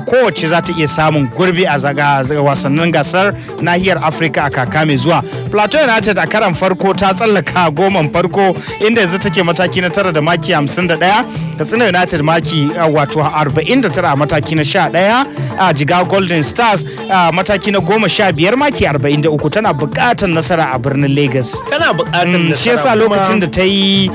kowace za ta iya samun gurbi a wasannin gasar nahiyar afirka a kaka mai zuwa plateau united a karan farko ta tsallaka goman farko inda yanzu take mataki na tara da maki 51 katsina united maki wato 49 a mataki na 11 a jiga golden stars a mataki na 15 maki 43 tana bukatar nasara a birnin lagos tana bukatar mm, nasara shi yasa lokacin da ta yi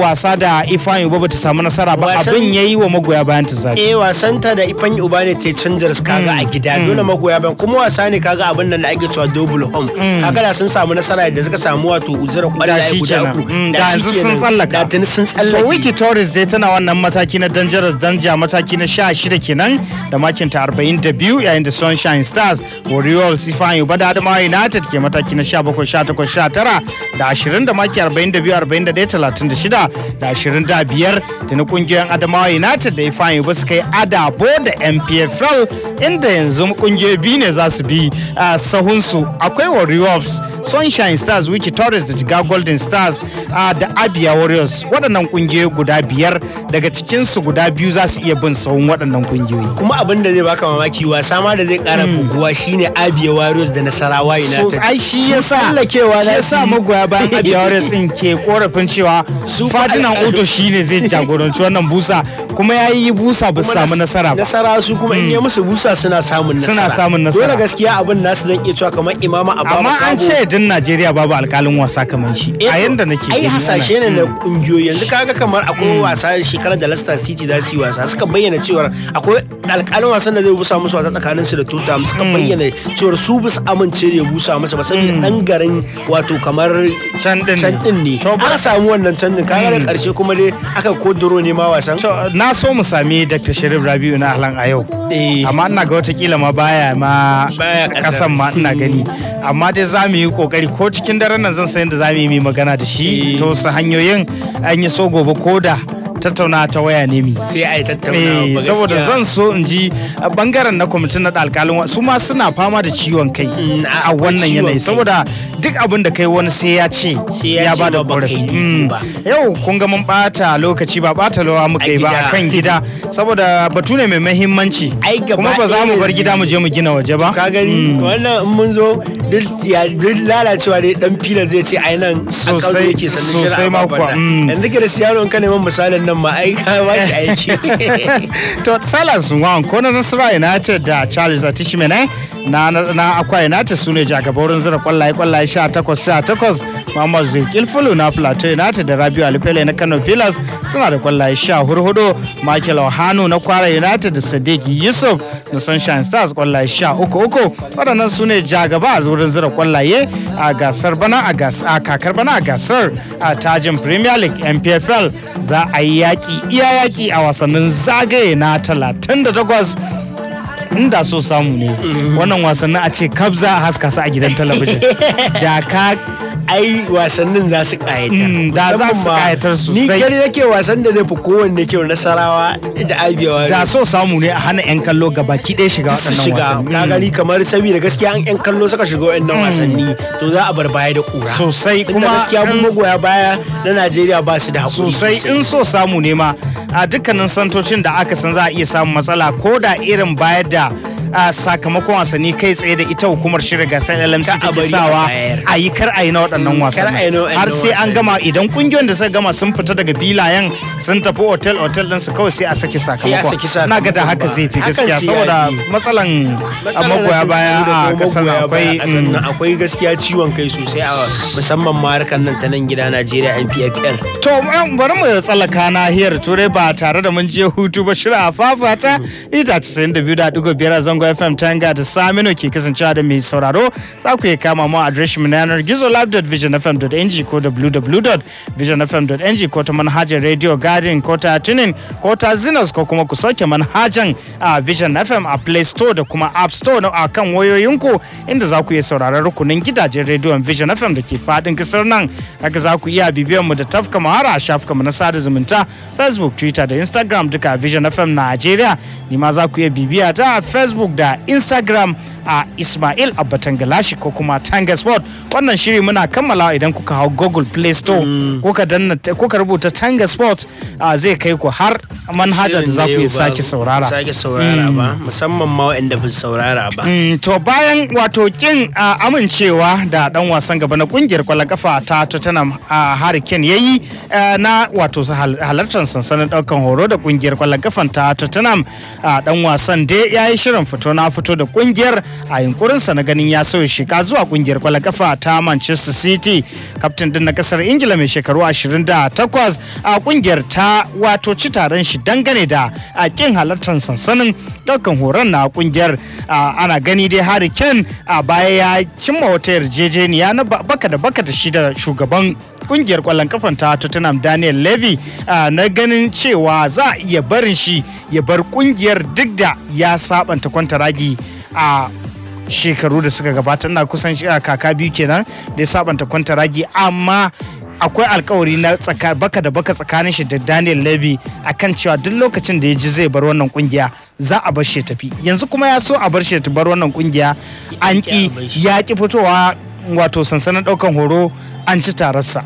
wasa da ifan uba bata samu nasara ba abin ya yi wa magoya bayan ta zafi eh wasan ta da ifan uba ne ta canjar kaga mm, a gida mm. dole magoya bayan kuma wasa ne kaga abin nan da ake cewa double home kaga da sun samu nasara da suka samu wato uzura kwallaye guda uku da yanzu sun tsallaka da tun sun tsallaka to wiki torres dai tana wannan mataki na dangerous danja mataki na sha shida kenan da ta arba'in da biyu yayin da sunshine stars warriors sifan yuba da adamawa united ke mataki na sha bakwai sha takwas sha tara da ashirin da maki arba'in da biyu arba'in da ɗaya talatin da shida da ashirin da biyar da na kungiyoyin adamawa united da ifan yuba suka yi adabo da mpfl inda yanzu kungiyoyi biyu ne za su bi sahunsu akwai warriors sunshine stars wiki torres da jiga golden stars da abia warriors waɗannan kungiyoyi kungiyoyi guda biyar daga cikinsu guda biyu za su iya bin sahun waɗannan kungiyoyi kuma abin da zai baka mamaki wasa ma da zai kara hmm. buguwa shine Abia Warriors da Nasarawa United ai shi yasa tallakewa na yasa magoya bayan Abia Warriors din ke korafin cewa su Fadinan Odo shine zai jagoranci wannan busa kuma yayi busa ba su samu nasara ba nasara su kuma in ya hmm. musu busa suna samun nasara suna samun nasara dole gaskiya abin nasu zan iya cewa kamar Imama Ababa amma an ce din Najeriya babu alƙalin wasa kamar shi a eh, yanda nake ai hasashe ne na kungiyoyi hmm. yanzu kaga ga kamar akwai wasa shekarar da Leicester City za su yi wasa suka bayyana cewa akwai alƙalin wasan da zai busa musu wasa tsakanin su da Tottenham suka hmm. bayyana cewa su bisa amince da ya busa musu ba saboda dan hmm. garin wato kamar can din ne aka samu wannan canjin kaga da karshe hmm. kuma dai aka kodoro ne ma wasan na so mu sami Dr. Sharif Rabiu na halan a yau eh. amma ina ga watakila ma baya ma kasan ma ina gani amma dai za mu yi kokari ko cikin daren nan zan san yadda za mu yi magana da shi eh. to su hanyoyin an yi sogo gobe tattauna ta waya ne mi sai a yi tattauna eh, saboda zan so in ji bangaren na kwamitin na alkalin su ma suna fama da ciwon kai mm, a wannan yanayi saboda duk abin da kai wani sai ya ce ya ba da korafi mm. yau kun ga mun bata lokaci ba bata lawa muka yi ba a kan gida saboda batu ne mai mahimmanci kuma ba za mu bar gida mu je mu gina waje ba ka gani mm. wannan mun zo duk lalacewa dai dan fila zai ce ai nan sosai sosai ma kuwa yanzu ke da siyaron ka neman misalin wannan ma'aika ba shi aiki. To Salas Wan ko na Nasara United da Charles Atishimene na Akwa United su ne jagabarin zira kwallaye kwallaye 18 18 Muhammad Zinkil Fulu na Plateau United da Rabiu Alifele na Kano Pillars suna da kwallaye sha hurhudu Michael Ohanu na Kwara United da Sadiq Yusuf na Sunshine Stars kwallaye sha uku uku waɗannan su ne jagaba a wurin zira kwallaye a gasar bana a gasar kakar bana a gasar a tajin Premier League MPFL za a yi yaƙi iya yaƙi a wasannin zagaye na 38 inda so samu ne mm. wannan wasannin a ce kabza a haska su a gidan talabijin da ka ai wasannin za su ƙayatar. Mm, da za su ƙayatar sosai. Ni gani nake wasan da zai fi kowanne kyau nasarawa da abiyawa. Da so samu ne a hana 'yan kallo ga baki ɗaya shiga waɗannan wasanni. Ka gani kamar saboda gaskiya an 'yan kallo suka shiga waɗannan mm. wasanni to za a bar baya da ƙura. Sosai kuma. gaskiya mun magoya baya na Najeriya ba su da haƙuri. Sosai in so samu ne ma a dukkanin santocin da aka san za a iya samun matsala ko da irin bayar da a sakamakon wasanni kai tsaye da ita hukumar shirya gasar LMC ta sawa a yi kar a yi na waɗannan mm, wasanni har sai an gama idan kungiyoyin da suka gama sun fita daga filayen sun tafi hotel hotel ɗinsu kawai sai a saki sakamakon na ga da haka zai fi gaskiya saboda ah, matsalan magoya baya a kasar akwai mm. akwai gaskiya ciwon kai sosai a musamman ma harkar nan ta nan gida Najeriya NPFL to um, bari mu tsallaka nahiyar turai ba tare da mun je hutu ba shirin a fafata ita 92.5 a zangon zango FM Tanga da Saminu ke kasancewa da mai sauraro za ku iya kama mu a mu na yanar gizo live.visionfm.ng ko www.visionfm.ng ko ta manhajar Radio Garden ko ta Tunin ko ta Zinas ko kuma ku sauke manhajan a Vision FM a Play Store da kuma App Store na akan wayoyinku inda za ku iya sauraron rukunin gidajen rediyon Vision FM da ke fadin kasar nan haka za ku iya bibiyar mu da tafka mahara a mu na sada zumunta Facebook, Twitter da Instagram duka Vision FM Najeriya. Ni ma za ku iya bibiya ta a Facebook da instagram a Ismail Abba Tangalashi ko kuma Tanga Sport wannan shiri muna kammala idan kuka hau Google Play Store mm. kuka danna rubuta Tanga Sport zai kai ku har manhaja da za ku yi sake saurara sake saurara ba mm. musamman ma waɗanda ba saurara ba mm, to bayan wato kin amincewa da dan wasan gaba na kungiyar kwallon kafa ta Tottenham Harry Kane yayi na wato halartar sansanin daukan horo da kungiyar kwallon kafan ta Tottenham dan wasan dai yayi shirin fito na fito da kungiyar a yunkurinsa na ganin ya sauya shiga zuwa kungiyar kwallon kafa ta Manchester City. Kaftin din na kasar Ingila mai shekaru 28 a kungiyar ta wato ci taron shi dangane da a kin halartar sansanin daukan horon na kungiyar ana gani dai Harry Kane a baya ya cimma wata yarjejeniya na baka da baka da shi da shugaban kungiyar kwallon kafan ta Tottenham Daniel Levy na ganin cewa za a iya barin shi ya bar kungiyar duk da ya sabanta ragi a shekaru da suka gabata na kusan kaka biyu kenan da ya sabanta kwanta ragi amma akwai alkawari na baka da baka tsakanin shi da daniel levy akan cewa duk lokacin da ya ji zai bar wannan kungiya za a bar shi tafi yanzu kuma ya so a bar shi bar wannan kungiya an ki ya ki fitowa wato sansanin daukan horo an ci tararsa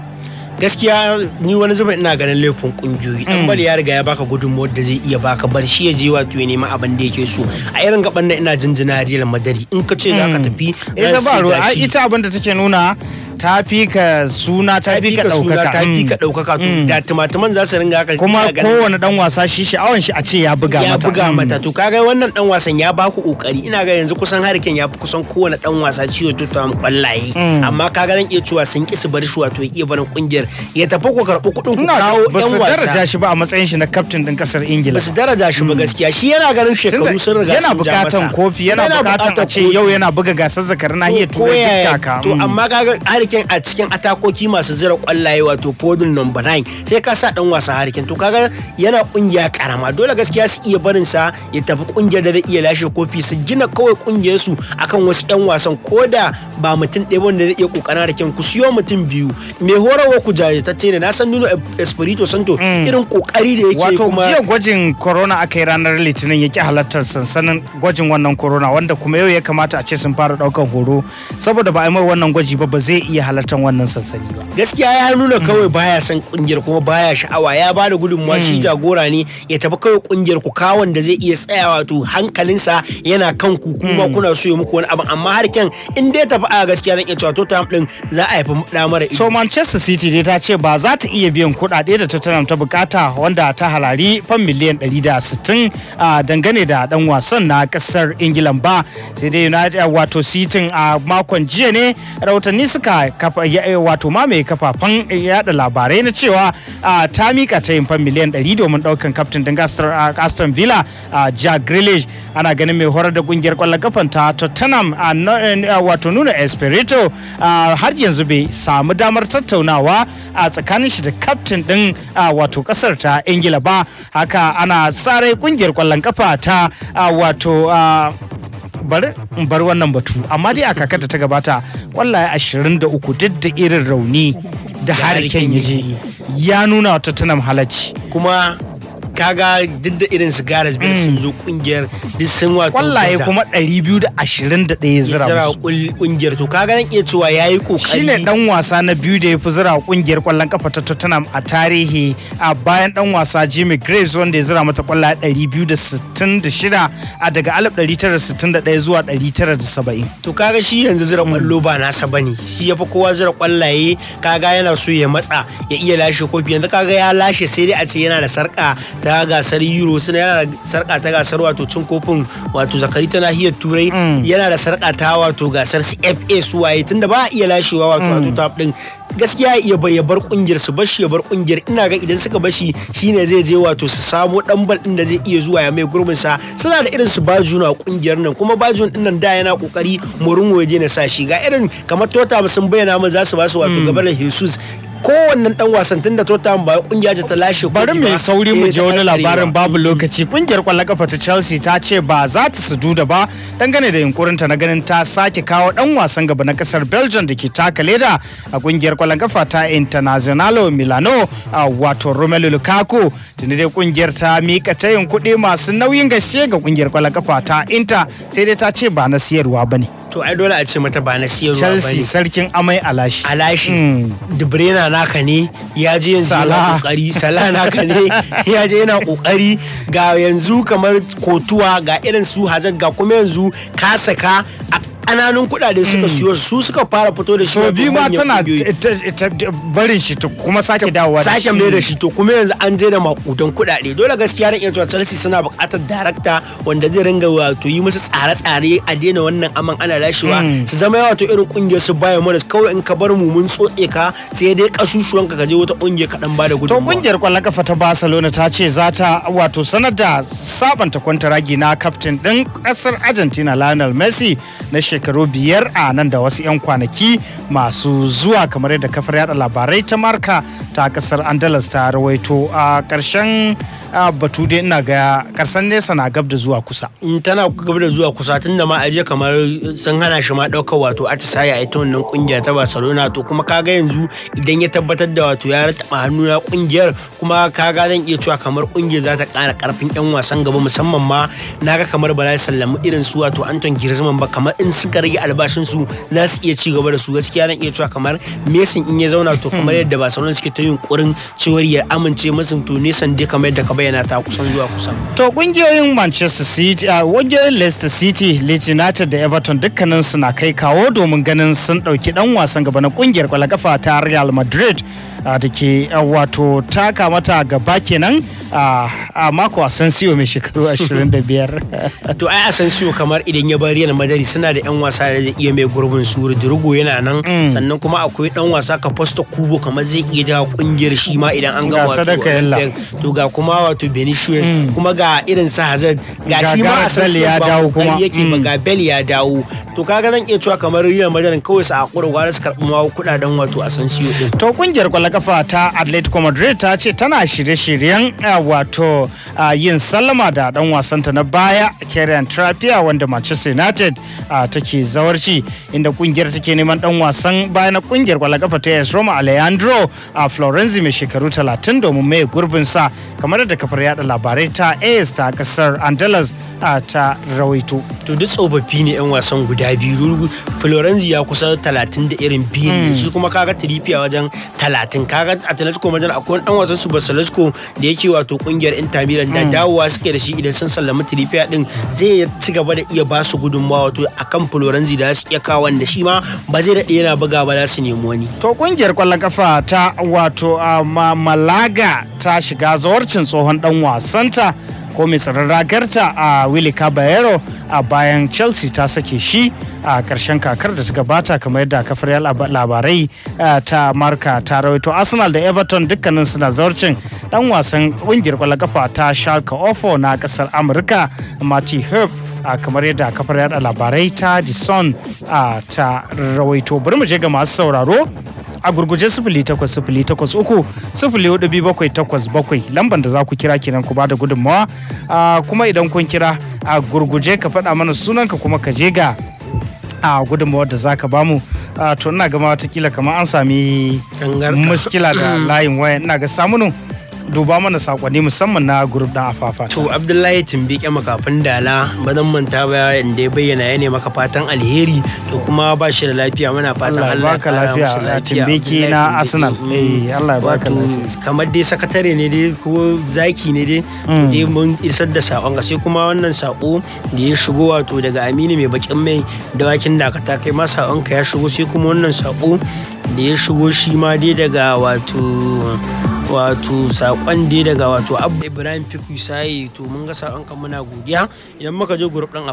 gaskiya ni wani zuba ina ganin laifin kungiyoyi dan hmm. bari ya riga ya baka gudunmuwar da zai iya baka bar shi ya je wato ya nema abin da yake so a irin gaban nan ina jinjina Real Madrid in ka ce za ka hmm. tafi ita eh, ba ruwa ita abin da take nuna ta fi ka suna ta fi ka ɗaukaka ta fi ka mm. ɗaukaka to mm. da tumatuman za su ringa haka kuma kowane dan wasa shi sha'awan shi a ce ya buga mata ya buga mm. mata to kaga wannan dan wasan ya ba ku kokari ina ga yanzu kusan harikin ya fi kusan kowane dan wasa ciwo to ta kwallaye amma kaga zan iya cewa sun ki su bar shi wato ya iya barin kungiyar ya tafi ku karɓi kuɗin ku kawo dan wasa ba su daraja shi ba a matsayin shi na captain din kasar Ingila ba su daraja shi ba gaskiya shi yana ganin shekaru sun riga yana bukatan kofi yana bukatan a ce yau yana buga gasar zakar nahiyar turai duk kaka to amma kaga Harikin a cikin atakoki masu zira kwallaye wato podin number 9 sai ka sa dan wasa Harikin to kaga yana kungiya karama dole gaskiya su iya barin sa ya tafi kungiyar da zai iya lashe kofi su gina kawai kungiyar su akan wasu yan wasan koda ba mutum ɗaya wanda zai iya kokarin Harikin ku siyo mutum biyu me horarwa ku jajirtacce ne na san Nuno Espirito Santo hmm. irin kokari da yake kuma wato gwajin corona aka ranar litinin yake halartar sansanin gwajin wannan corona wanda kuma yau ya kamata a ce sun fara daukan horo saboda ba a yi mai wannan gwaji ba ba zai iya iya halartar wannan sansani ba gaskiya ya nuna kawai baya son kungiyar kuma baya sha'awa ya bada gudunmawa shi hmm. jagora ne ya tafi kawai kungiyar ku kawon da zai iya tsayawa to hankalinsa yana kan ku kuma hmm. kuna so ya muku wani abu amma harken in dai tafi a gaskiya zan iya cewa Tottenham din za a haifi da mara to Manchester City dai ta ce ba za ta iya biyan kuɗaɗe da Tottenham ta bukata wanda ta halari fan miliyan 160 a dangane da dan wasan na kasar England ba sai dai United wato City a makon jiya ne rahotanni suka Eh, wato mamaye kafafan eh, yada labarai na cewa ah, ta mika ta yin miliyan 100 domin daukan kaftin din ah, aston villa ah, jack grealish ana ganin mai horar da kungiyar kwallon kafan ta tottenham eh, wato nuna espirito har yanzu bai samu damar tattaunawa a tsakanin shi da kaftin din wato kasar ta ingila ba haka ana sarai kungiyar kwallon kafa ta wato bari bar wannan batu amma dai a kakar da ta gabata kwallaye ashirin da uku, duk da irin rauni da harken ya ji ya nuna wata tunan halacci kuma kaga duk da irin sigaras garas biyar sun mm. zo kungiyar duk sun wato kwallaye kuma 221 ya zira kungiyar to kaga nan iya cewa yayi kokari shine dan wasa na biyu da ya fi zira kungiyar kwallon kafa ta Tottenham a tarihi a bayan dan wasa Jimmy Graves wanda ya zira mata kwallaye 266 a daga 1961 zuwa 1970 to kaga shi yanzu zira kwallo mm. ba nasa bane shi yafi kowa zira kwallaye kaga yana so ya matsa ya iya lashe kofi yanzu kaga ya lashe sai dai a ce yana da sarka ta gasar euro suna yana da sarka ta gasar wato cin kofin wato zakari ta nahiyar turai mm. yana da sarka ta wato gasar fa suwaye tunda ba a iya lashewa wato mm. wato top din gaskiya ya ya bar kungiyar su bashi ya bar kungiyar ina ga idan suka bashi shine zai je wato su samo dan bal din da zai iya zuwa ya mai gurbin sa suna da irin su bajuna kungiyar nan kuma bajun din nan da yana kokari morin waje na sa shi ga irin kamar tota sun bayyana mu za su ba su wato mm. gabar Jesus kowannen dan wasan tunda Tottenham ba kungiya ta lashe bari mai sauri mu je wani labarin babu lokaci kungiyar kwallon kafa ta Chelsea ta ce ba za ta su duda ba dangane da yunkurinta na ganin ta sake kawo dan wasan gaba na kasar Belgium da ke taka leda a kungiyar kwallon kafa ta Internazionale Milano a wato Romelu Lukaku tunda dai kungiyar ta mika tayin kuɗi masu nauyin gaske ga kungiyar kwallon kafa ta Inter sai dai ta ce ba na siyarwa bane to ai dole a ce mata ba na siyarwa ba Chelsea sarkin amai alashi alashi hmm. Dubrena naka ne ya je yanzu yana kokari Salah naka ne ya je yana kokari ga yanzu kamar kotuwa ga irin su Hazard ga kuma yanzu ka saka kananun kudade suka hmm. siyo su suka fara fito da shi so biyu ma tana barin shi to kuma sake dawowa da shi sake mai da shi to kuma yanzu an je da makudan kudade dole gaskiya ran yanzu Chelsea suna buƙatar darakta wanda zai ringa wato yi musu tsare-tsare a daina wannan aman ana lashewa hmm. su zama wato irin kungiyar su Bayern Munich kawai in ka bar mu mun tsotse ka sai dai kasushuwan ka je wata kungiya kaɗan ba da gudunmawa to kungiyar kwallon kafa ta Barcelona ta ce za ta wato sanar da sabanta kwantaragi na kaftin din kasar Argentina Lionel Messi na shekaru biyar a nan da wasu 'yan kwanaki masu zuwa kamar yadda kafar yada labarai ta marka ta kasar andalus ta rawaito a ƙarshen a ah, batu dai ina ga karsan nesa na gab da zuwa kusa mm, tana gab da zuwa kusa tunda ma aje kamar sun hana shi ma daukar wato atisaya ita wannan kungiya ta Barcelona to kuma kaga yanzu idan ya tabbatar da wato ya rataba hannu ya kungiyar kuma kaga zan iya cewa kamar kungiyar za ta kara karfin yan wasan gaba musamman ma naga kamar bala sallamu irin su wato Anton Griezmann ba kamar in suka rage albashin su za su iya ci gaba da su gaskiya zan iya cewa kamar Messi in ya zauna to kamar yadda Barcelona suke ta yunkurin cewar ya amince musu to Nesan dai kamar yadda bayyana ta kusan zuwa kusan. To kungiyoyin Manchester City, wajen Leicester City, Leeds United da Everton dukkanin suna kai kawo domin ganin sun ɗauki ɗan wasan gaba na kungiyar kwallon kafa ta Real Madrid. a take wato taka mata gaba kenan a mako siyo mai shekaru 25 to ai siyo kamar idan ya bari yana madari suna da yan wasa da zai iya mai gurbin su rudurugu yana nan mm. sannan kuma akwai dan wasa ka fosta kubo kamar zai iya da kungiyar shi ma idan an ga wato to ga kuma wato benishuwa mm. kuma ga irin sa hazard ga shi ma asensiyo ba kuma yake ba mm. ga bel ya dawo to kaga zan iya cewa kamar real madarin kawai sa a kurwa su karbi ma kudaden wato asensiyo to kungiyar kwallon kafa ta Atletico Madrid ta ce tana shirye-shiryen eh, wato eh, yin sallama da dan wasanta na baya Kieran Trippier wanda Manchester United eh, take zawarci inda kungiyar take neman dan wasan baya na kungiyar kwallon kafa ta AS Roma Alejandro Florenzi mai shekaru 30 domin mai gurbin sa kamar da kafar yada labarai ta AS ta kasar Andalus ta rawaito. To duk tsofaffi ne 'yan wasan guda biyu Florenzi ya kusa 30 da irin biyu hmm. shi kuma kaga Trippier wajen 30 Martin kaga Atletico Madrid akwai dan wasan su Basalasco da yake wato kungiyar Inter Milan da hmm. dawowa suke da shi idan sun sallami Trippier din zai ci gaba da iya ba su gudunmawa wato akan Florenzi da su iya kawo wanda shi ma ba zai daɗe yana buga ba za su nemi wani. To kungiyar kwallon kafa ta wato ah, Malaga ta shiga zawarcin tsohon dan wasanta tsaron ragarta a willy caballero a bayan chelsea ta sake shi a ƙarshen kakar da ta gabata kamar yadda kafar labarai ta marka ta rawaito arsenal da everton dukkanin suna zarcin dan wasan ƙungiyar kwallon kafa ta shaka ofo na ƙasar amurka marty herb a kamar yadda kafar yada labarai ta the sun ta rawaito bari mu je ga masu sauraro a gurguje sifili takwas sifili takwas uku sifili hudu biyu bakwai takwas bakwai lambar da za ku kira kenan ku bada gudunmawa kuma idan kun kira a gurguje ka faɗa mana sunanka kuma ka je ga a gudunmawa da za ka bamu to ina gama watakila kamar an sami muskila da layin waya ina ga samunu duba mana sakonni musamman na group dan afafa to abdullahi timbike makafin dala ba zan manta ba inda ya bayyana ya ne maka fatan alheri to kuma ba shi da lafiya muna fatan Allah ya baka lafiya ke na arsenal mm. eh Allah ya baka lafiya kamar dai sakatare ne dai ko zaki ne dai mm. dai mun isar da sakon ga sai kuma wannan sako da ya shigo wato daga Aminu mai bakin mai dawakin dakata kai ma sakon ka ya shigo sai kuma wannan sako da ya shigo shi ma dai daga wato wato sakon da daga wato abu ibrahim fiku sayi to mun ga sakon kan muna godiya idan muka je group din a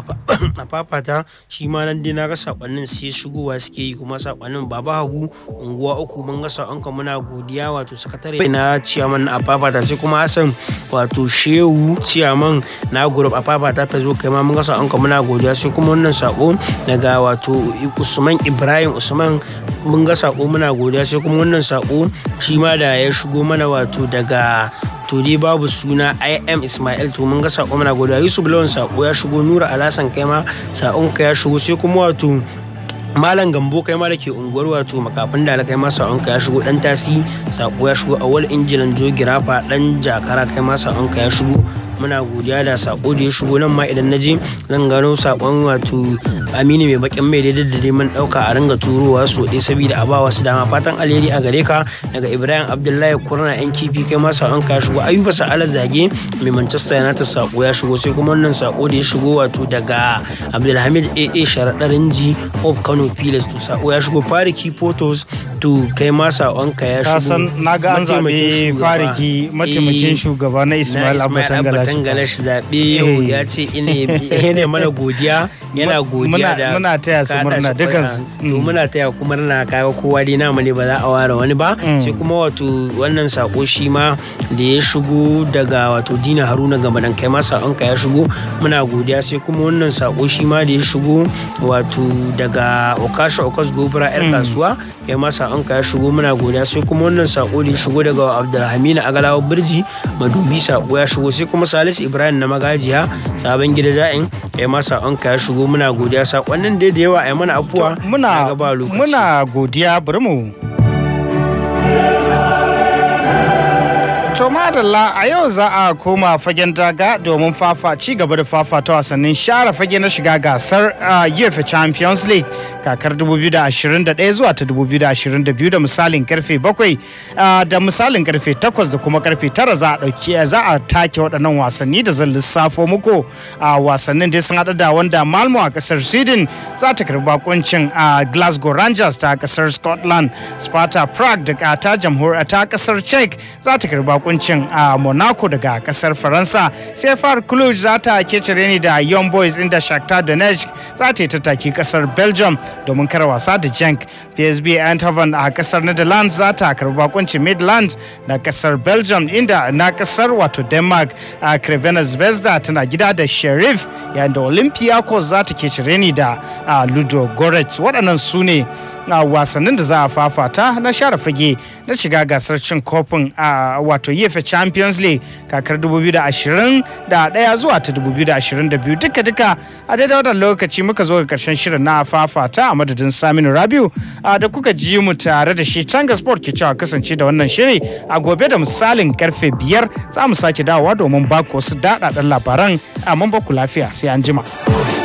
fafata shi ma nan dai na ga sakonnin sai shigowa suke yi kuma sakonnin baba hagu unguwa uku mun ga sakon kan muna godiya wato sakatare na ciyaman a fafata sai kuma hassan wato shehu ciyaman na group a fafata ta zo kai ma mun ga sakon kan muna godiya sai kuma wannan sako daga wato usman ibrahim usman mun ga sako muna godiya sai kuma wannan sako shi ma da ya shigo mana na wato daga turi babu suna im ismail to mun ga sako mana godiya yusuf lawan sako ya shigo nura alasan kai ma ka ya shigo sai kuma wato malam gambo kai ma da ke unguwar wato makafin da kai ma sa'onka ya shigo dan tasi sako ya shigo awal injilan jogirafa dan jakara kai ma sa'onka ya shigo muna godiya da sako da ya shigo nan ma idan na je zan gano sakon wato aminu mai bakin mai daidai da neman dauka a ringa turowa so dai saboda a ba wasu dama fatan alheri a gare ka daga ibrahim abdullahi kurna yan kifi kai ma sakon ka shigo ayuba sa'ala zage mai manchester united sako ya shigo sai kuma wannan sako da ya shigo wato daga abdulhamid aa sharadarin ji of kano pilas to sako ya shigo fariki photos to kai ma sakon ka ya shigo na ga an zabe fariki mataimakin eh, shugaba na ismail abu tangala dangane shi zaɓe yau eh. ya ce ine eh, mana godiya yana godiya da muna taya su murna dukansu to mm. muna taya kuma murna kaga kowa dai namu ne ba za a ware wani ba mm. sai kuma wato wannan sako shi ma da ya shigo daga wato Dina Haruna ga madan kai ma sakonka ya shigo muna godiya sai kuma wannan sako shi ma da ya shigo wato daga Okasha Okas Gobra yar mm. kasuwa kai ma sakonka ya shigo muna godiya sai kuma wannan sako da ya shigo daga Abdulhamina Agalawa Birji Madubi sako ya shigo sai kuma Salisu Ibrahim na magajiya sabon gida ja'in ya ma ya shigo muna godiya sakonnin da da yawa ai mana afuwa muna muna godiya bari mu To madalla a yau za a koma fagen daga domin fafa ci gaba da fafa ta wasannin share fage na shiga gasar ah, UEFA Champions League kakar 2021 zuwa ta 2022 da misalin karfe 7 da misalin karfe 8 da kuma karfe 9 za a dauki eh, za a take waɗannan wasanni da zan lissafo muku a wasannin dai sun hada da wanda Malmo a kasar Sweden za ta karbi bakuncin a Glasgow Rangers ta kasar Scotland Sparta Prague da ta jamhuriyar ta kasar Czech za ta karbi bakuncin a Monaco daga kasar Faransa sai Far Cluj za ta kecere ne da Young Boys inda Shakhtar Donetsk za ta yi tattaki kasar Belgium domin kare wasa da jank psb eindhoven a kasar netherlands za ta karbi bakuncin midlands na kasar belgium inda na kasar wato denmark a crevena vesda tana gida da sheriff yayin da olympiacos za ta ke ni da ludo goretz waɗannan su ne na wasannin da za a fafata na share fage na shiga gasar cin kofin a wato UEFA Champions League kakar 2021 zuwa ta 2022 duka-duka a daidai wannan lokaci muka zo ga karshen shirin na fafata a madadin Saminu Rabiu da kuka ji mu tare da shi Tanga Sport ke cewa kasance da wannan shiri a gobe da misalin karfe biyar za mu sake dawowa domin baku wasu daɗaɗɗen labaran a mun baku lafiya sai an jima.